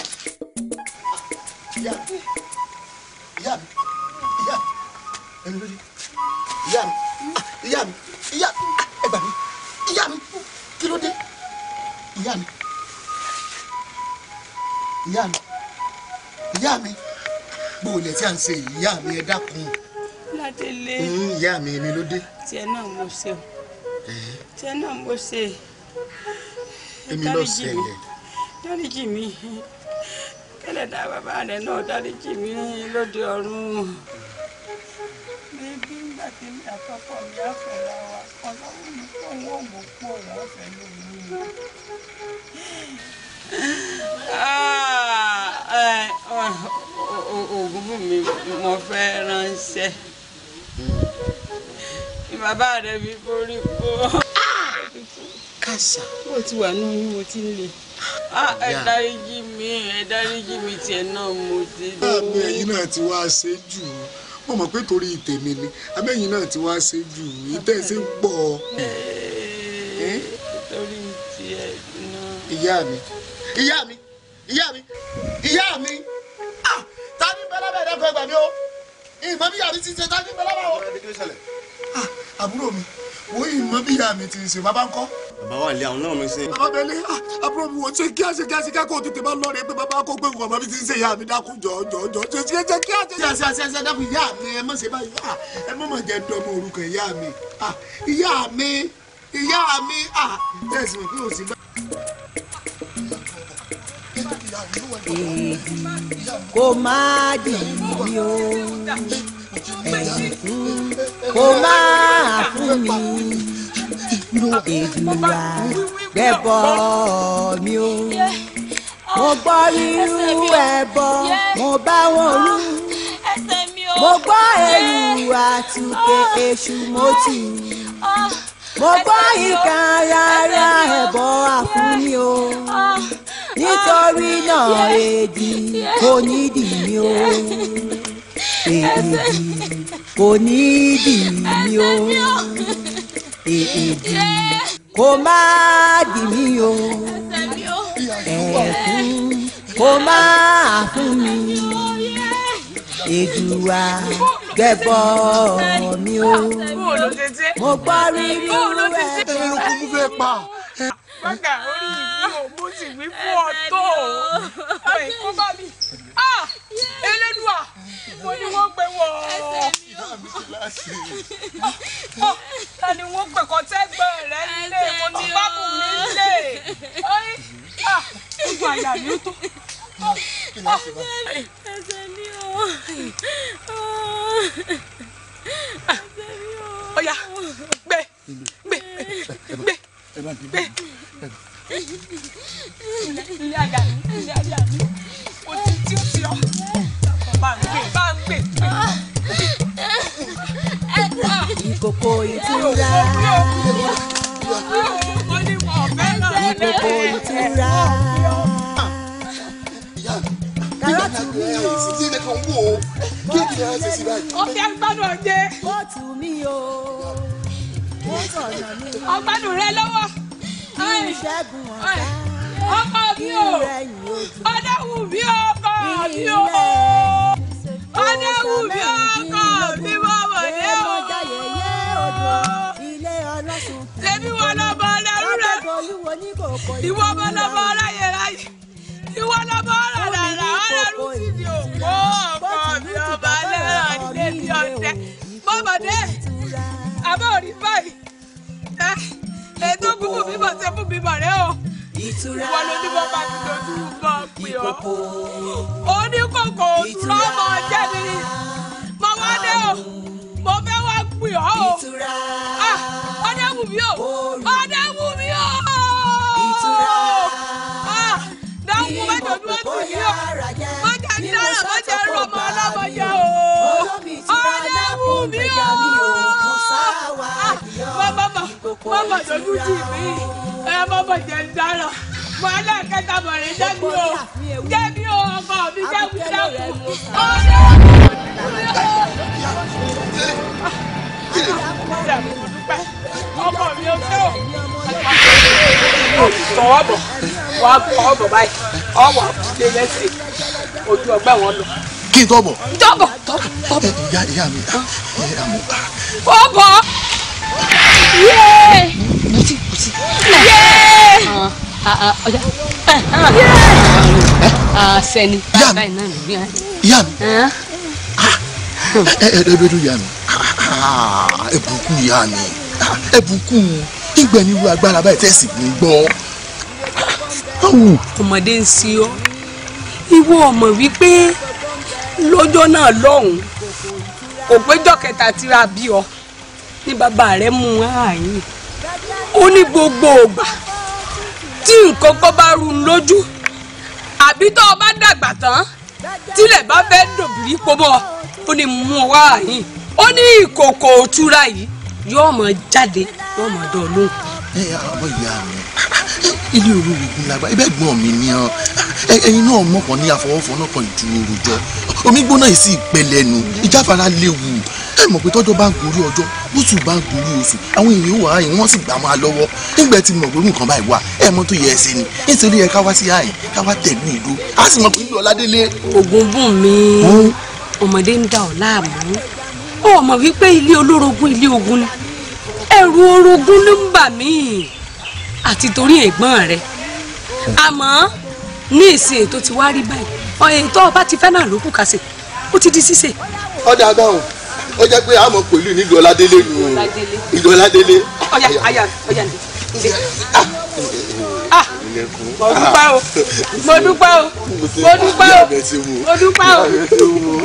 ìyá mi ìyá mi ìyá mi ẹnu lórí ìyá mi ìyá mi ìyá ẹ gbà mí ìyá mi kí ló dé ìyá mi ìyá mi ìyá mi gbòòlẹ̀ tí a ń ṣe ìyá mi ẹ dákun. ládélé ìyá mi èmi ló dé. tiẹ̀ náà mo ṣe o tiẹ̀ náà mo ṣe èmi ló ṣẹlẹ̀. dáríjì mi tẹ́lẹ̀ dá bàbá no náà dáríjì lo lóde ọ̀run. bébí ńgbà tí mi àtọkọ mi á
fẹ́ra wa ọlọ́run mi kó owó mú kó òun ọ̀fẹ́ lórí mi.
oògùn fún mi mo fẹ́ ránṣẹ́ hmm. bàbá rẹ̀ mi forí kàṣà. mo ti wà ní oyún mo ti ń le. Ah, ẹ dáríjì mi ẹ dáríjì mi tiẹ̀ náà mo ti dé. Ah, báàmì ẹ̀yin náà ti wá ṣe jù mo mọ̀ pé torí tèmi ni abẹ́yìn náà ti wá ṣe jù ìtẹ̀sí pọ̀. Eh, eh?
torí tiẹ̀
náà. ìyá mi ìyá mi ìyá mi ìyá mi ah, ta ni bẹ́lẹ́ bẹ́ẹ̀ dẹ́kun ẹgbàá mi o ìmọ̀ mi yàrá ti ṣe ta ni bẹ́lẹ́ bẹ́ẹ̀ o. àbúrò mi wo ìmọ̀ bí ìyá mi ti ṣe bàbá ńkọ́. bàbá wà lé àwọn náà mi sí. bàbá bẹ lé ah, àbúrò mi wò ṣe kí àṣẹ kí àṣẹ kákò tètè bá lọrẹ pé bàbá kò gbé nǹkan bàbá mi ti ṣe ìyá mi dákun jọjọjọ ṣe ṣe ṣe kí àṣẹ. ṣe ṣe ṣe dákun ìyá mi ẹ mọ̀ ṣe báyìí ah, ẹ mọ̀ mọ̀ jẹ́ dọ́mọ orúkọ ah, ìyá mi ìyá mi ìyá mi kò má dì í
kó máa
fún mi èdùwà gbẹbọ mi o mo gbọ́ irú ẹbọ mo bá wọn rú mo gbọ́ èrú àtúpè èṣù mo tù
mo gbọ́ ìkan rárá àfúnni o nítorí náà èdè onídìí mi
o èèdì kò ní ìdì mi o èèdì kò má dì mí o
ẹ̀kún kò má fún mi èdùà gbẹbọ mi o
mo gbọ́ rírú ẹ̀. ẹ̀rọ kò mú fẹ́ pa bàtà orí ìlú mo sì wí fún ọ tó ọ̀ ẹ̀ kó mi. Òkun ni wọ́n gbé wọ̀ Ta ni wọ́n pè kọ́ tẹ́gbẹ́ rẹ̀ nílé kò ní bábù mi lè.
Ojú àyà mi tó. Ẹsẹ̀ mi o. Ọya gbé gbé gbé gbé.
Ilé àyà mi, ilé àyà mi, òtítí ó ti ọ́. Bàbá
mi ìkòkò ìtura. ìkòkò ìtura. kárọ̀tì mi o. ìsìtì ilé kan
wò ó kí èkì náà ṣe sí báyìí. ó fẹ́ gbádùn kóòtù mi o.
kóòtù rẹ lọ́wọ́. kí ìṣẹ́gun ọ̀gá. ọkọ mi o. ọdẹ́wù mi ọkọ mi o. ọdẹ́wù mi ọkọ mi wọ́n wọ̀ o
ilé ọlọ́sùn kì í ṣebí wọn lọ́ba ọlọ́run rẹ̀ ìwọ ọba lọ́ba ọláyẹ
ráyè ìwọ lọ́ba ọlọ́dàrà ọlọ́run sì ni òkú ọmọ mi ọba lẹ́ràn ilé ní ọ̀tẹ́ bọ́mọdé àbá òrí
báyìí ètò kúkú bíbọ ṣe fún bíbọ rẹ o ìwọ ló ní bọ́ bá ti dojú bọ́ pé ọ́ oníkókò lọ́mọ jẹ́bi mo wá dé o mo
fẹ́ wù yọ o ọdẹ wù mí o ọdẹ wù mí o ah, dáhùn mẹ́jọ ni wọn tù mí o mọjà ní náírà mọjà ẹrù ọmọ ọlọmọjà o ọdẹ wù mí o mọmọ mọmọ lójú jì mí ẹ mọmọ jẹ ń dára mọ
alákẹta bọ̀rẹ̀ jẹ́bi o jẹ́bi o ọmọ mi jẹ́bi jẹ́bi ọdẹ wù
mí o ọmọ mi ò tẹ́
ò tọ́ ọ̀bọ̀
wàá tọ́ ọ̀bọ̀ báyìí ọ̀wà kúlé lẹ́sẹ̀ ojú ọgbà wọn lọ. kí n tọ́ bọ̀. tọ́bọ̀ tọ́bọ̀.
ìyá ìyá mi ìyá
mi. ọ̀bọ̀
yéé. bùtì bùtì. yéé. ọjà sẹni. ìyá mi ìyá mi. ẹ ẹ
ẹ dodo ah, ah, ah, ìyá mi ẹ̀bùkún ah, ìyá mi ẹ̀bùkún ìgbẹ́niru agbára báyìí tẹ̀sí ń gbọ́. ọmọdé ń sí ọ ìwọ ọmọ wípé lọ́jọ́ náà lọ́hùn-ún òpéjọ kẹta tíra bí ọ ní bàbá rẹ mú ààyè ó ní gbogbo ògbà tí nǹkan kan bá rú lójú àbí tó o bá dàgbà tán tílẹ̀ bá fẹ́ dòbìrí pọ̀ bọ́ ó ní mú ọ wá ààyè ó ní ìkòkò òtura yìí yóò mọ jáde yóò mọ dán lóhùn. ẹ ọmọ ìyá mi
ilé òru ògùn làgbà ibẹ̀ gbọ́n mi ni ọ ẹyin náà mọ̀kàn ní àfọwọ́fọ́ náà kan ìdúró rojọ́ omi gbóná yìí sì pẹlẹnu ìjáfara léwu ẹ mọ̀ pé tọ́jọ́ bá ń gorí ọjọ́ bùsù bá ń gorí oṣù àwọn èèyàn wà áyìn wọ́n sì gbà máa lọ́wọ́ nígbà tí mọ̀ lórí nǹkan báyìí wà ẹ mọ̀ tó yẹ ẹ ni nítorí ẹ káwá sí àyìn káwá tẹ̀lú ìlú a
sì mọ̀ pé ìlú ọ̀ládélé. ògùn bùn mi ọmọdé ń dà ọ́ láàmú ó mọ̀ wípé ilé olórogún ilé ogun ni ẹ̀rù orogún ló ń bà mí àti torí ẹ̀gbọ́n rẹ àmọ́ ní ìsìn ètò ti wá rí báyìí ọ̀yẹ̀ ètò ọba ti fẹ́ náà ló kù kásẹ̀ ó ti di ṣíṣe. ọ̀dà báwọn ó jẹ́ pé àmọ́ pẹ̀lú nílùú ọládélé nù ìlú ọládélé. ọ̀yà ọ̀yà ọ̀yà ní mo dúpẹ́ o mo dúpẹ́ o mo dúpẹ́ o mo dúpẹ́ o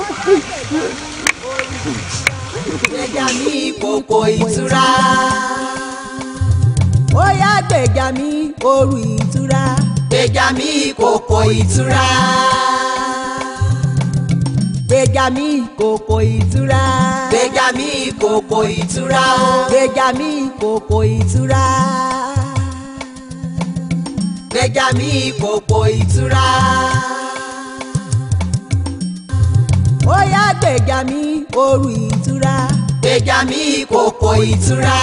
gbèjà mi
kòkò ìtura. ó yá gbèjà mi òru ìtura. gbèjà mi kòkò ìtura. gbèjà mi kòkò ìtura. gbèjà mi kòkò ìtura. gbèjà mi kòkò ìtura. gbèjà mi kòkò ìtura ó yá gbèjà mi òru ìtura. gbèjà mi kòkò ìtura.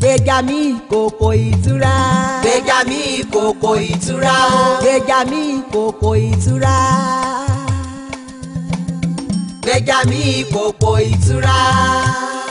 gbèjà mi kòkò ìtura. gbèjà mi kòkò ìtura. gbèjà mi kòkò ìtura. gbèjà mi kòkò ìtura.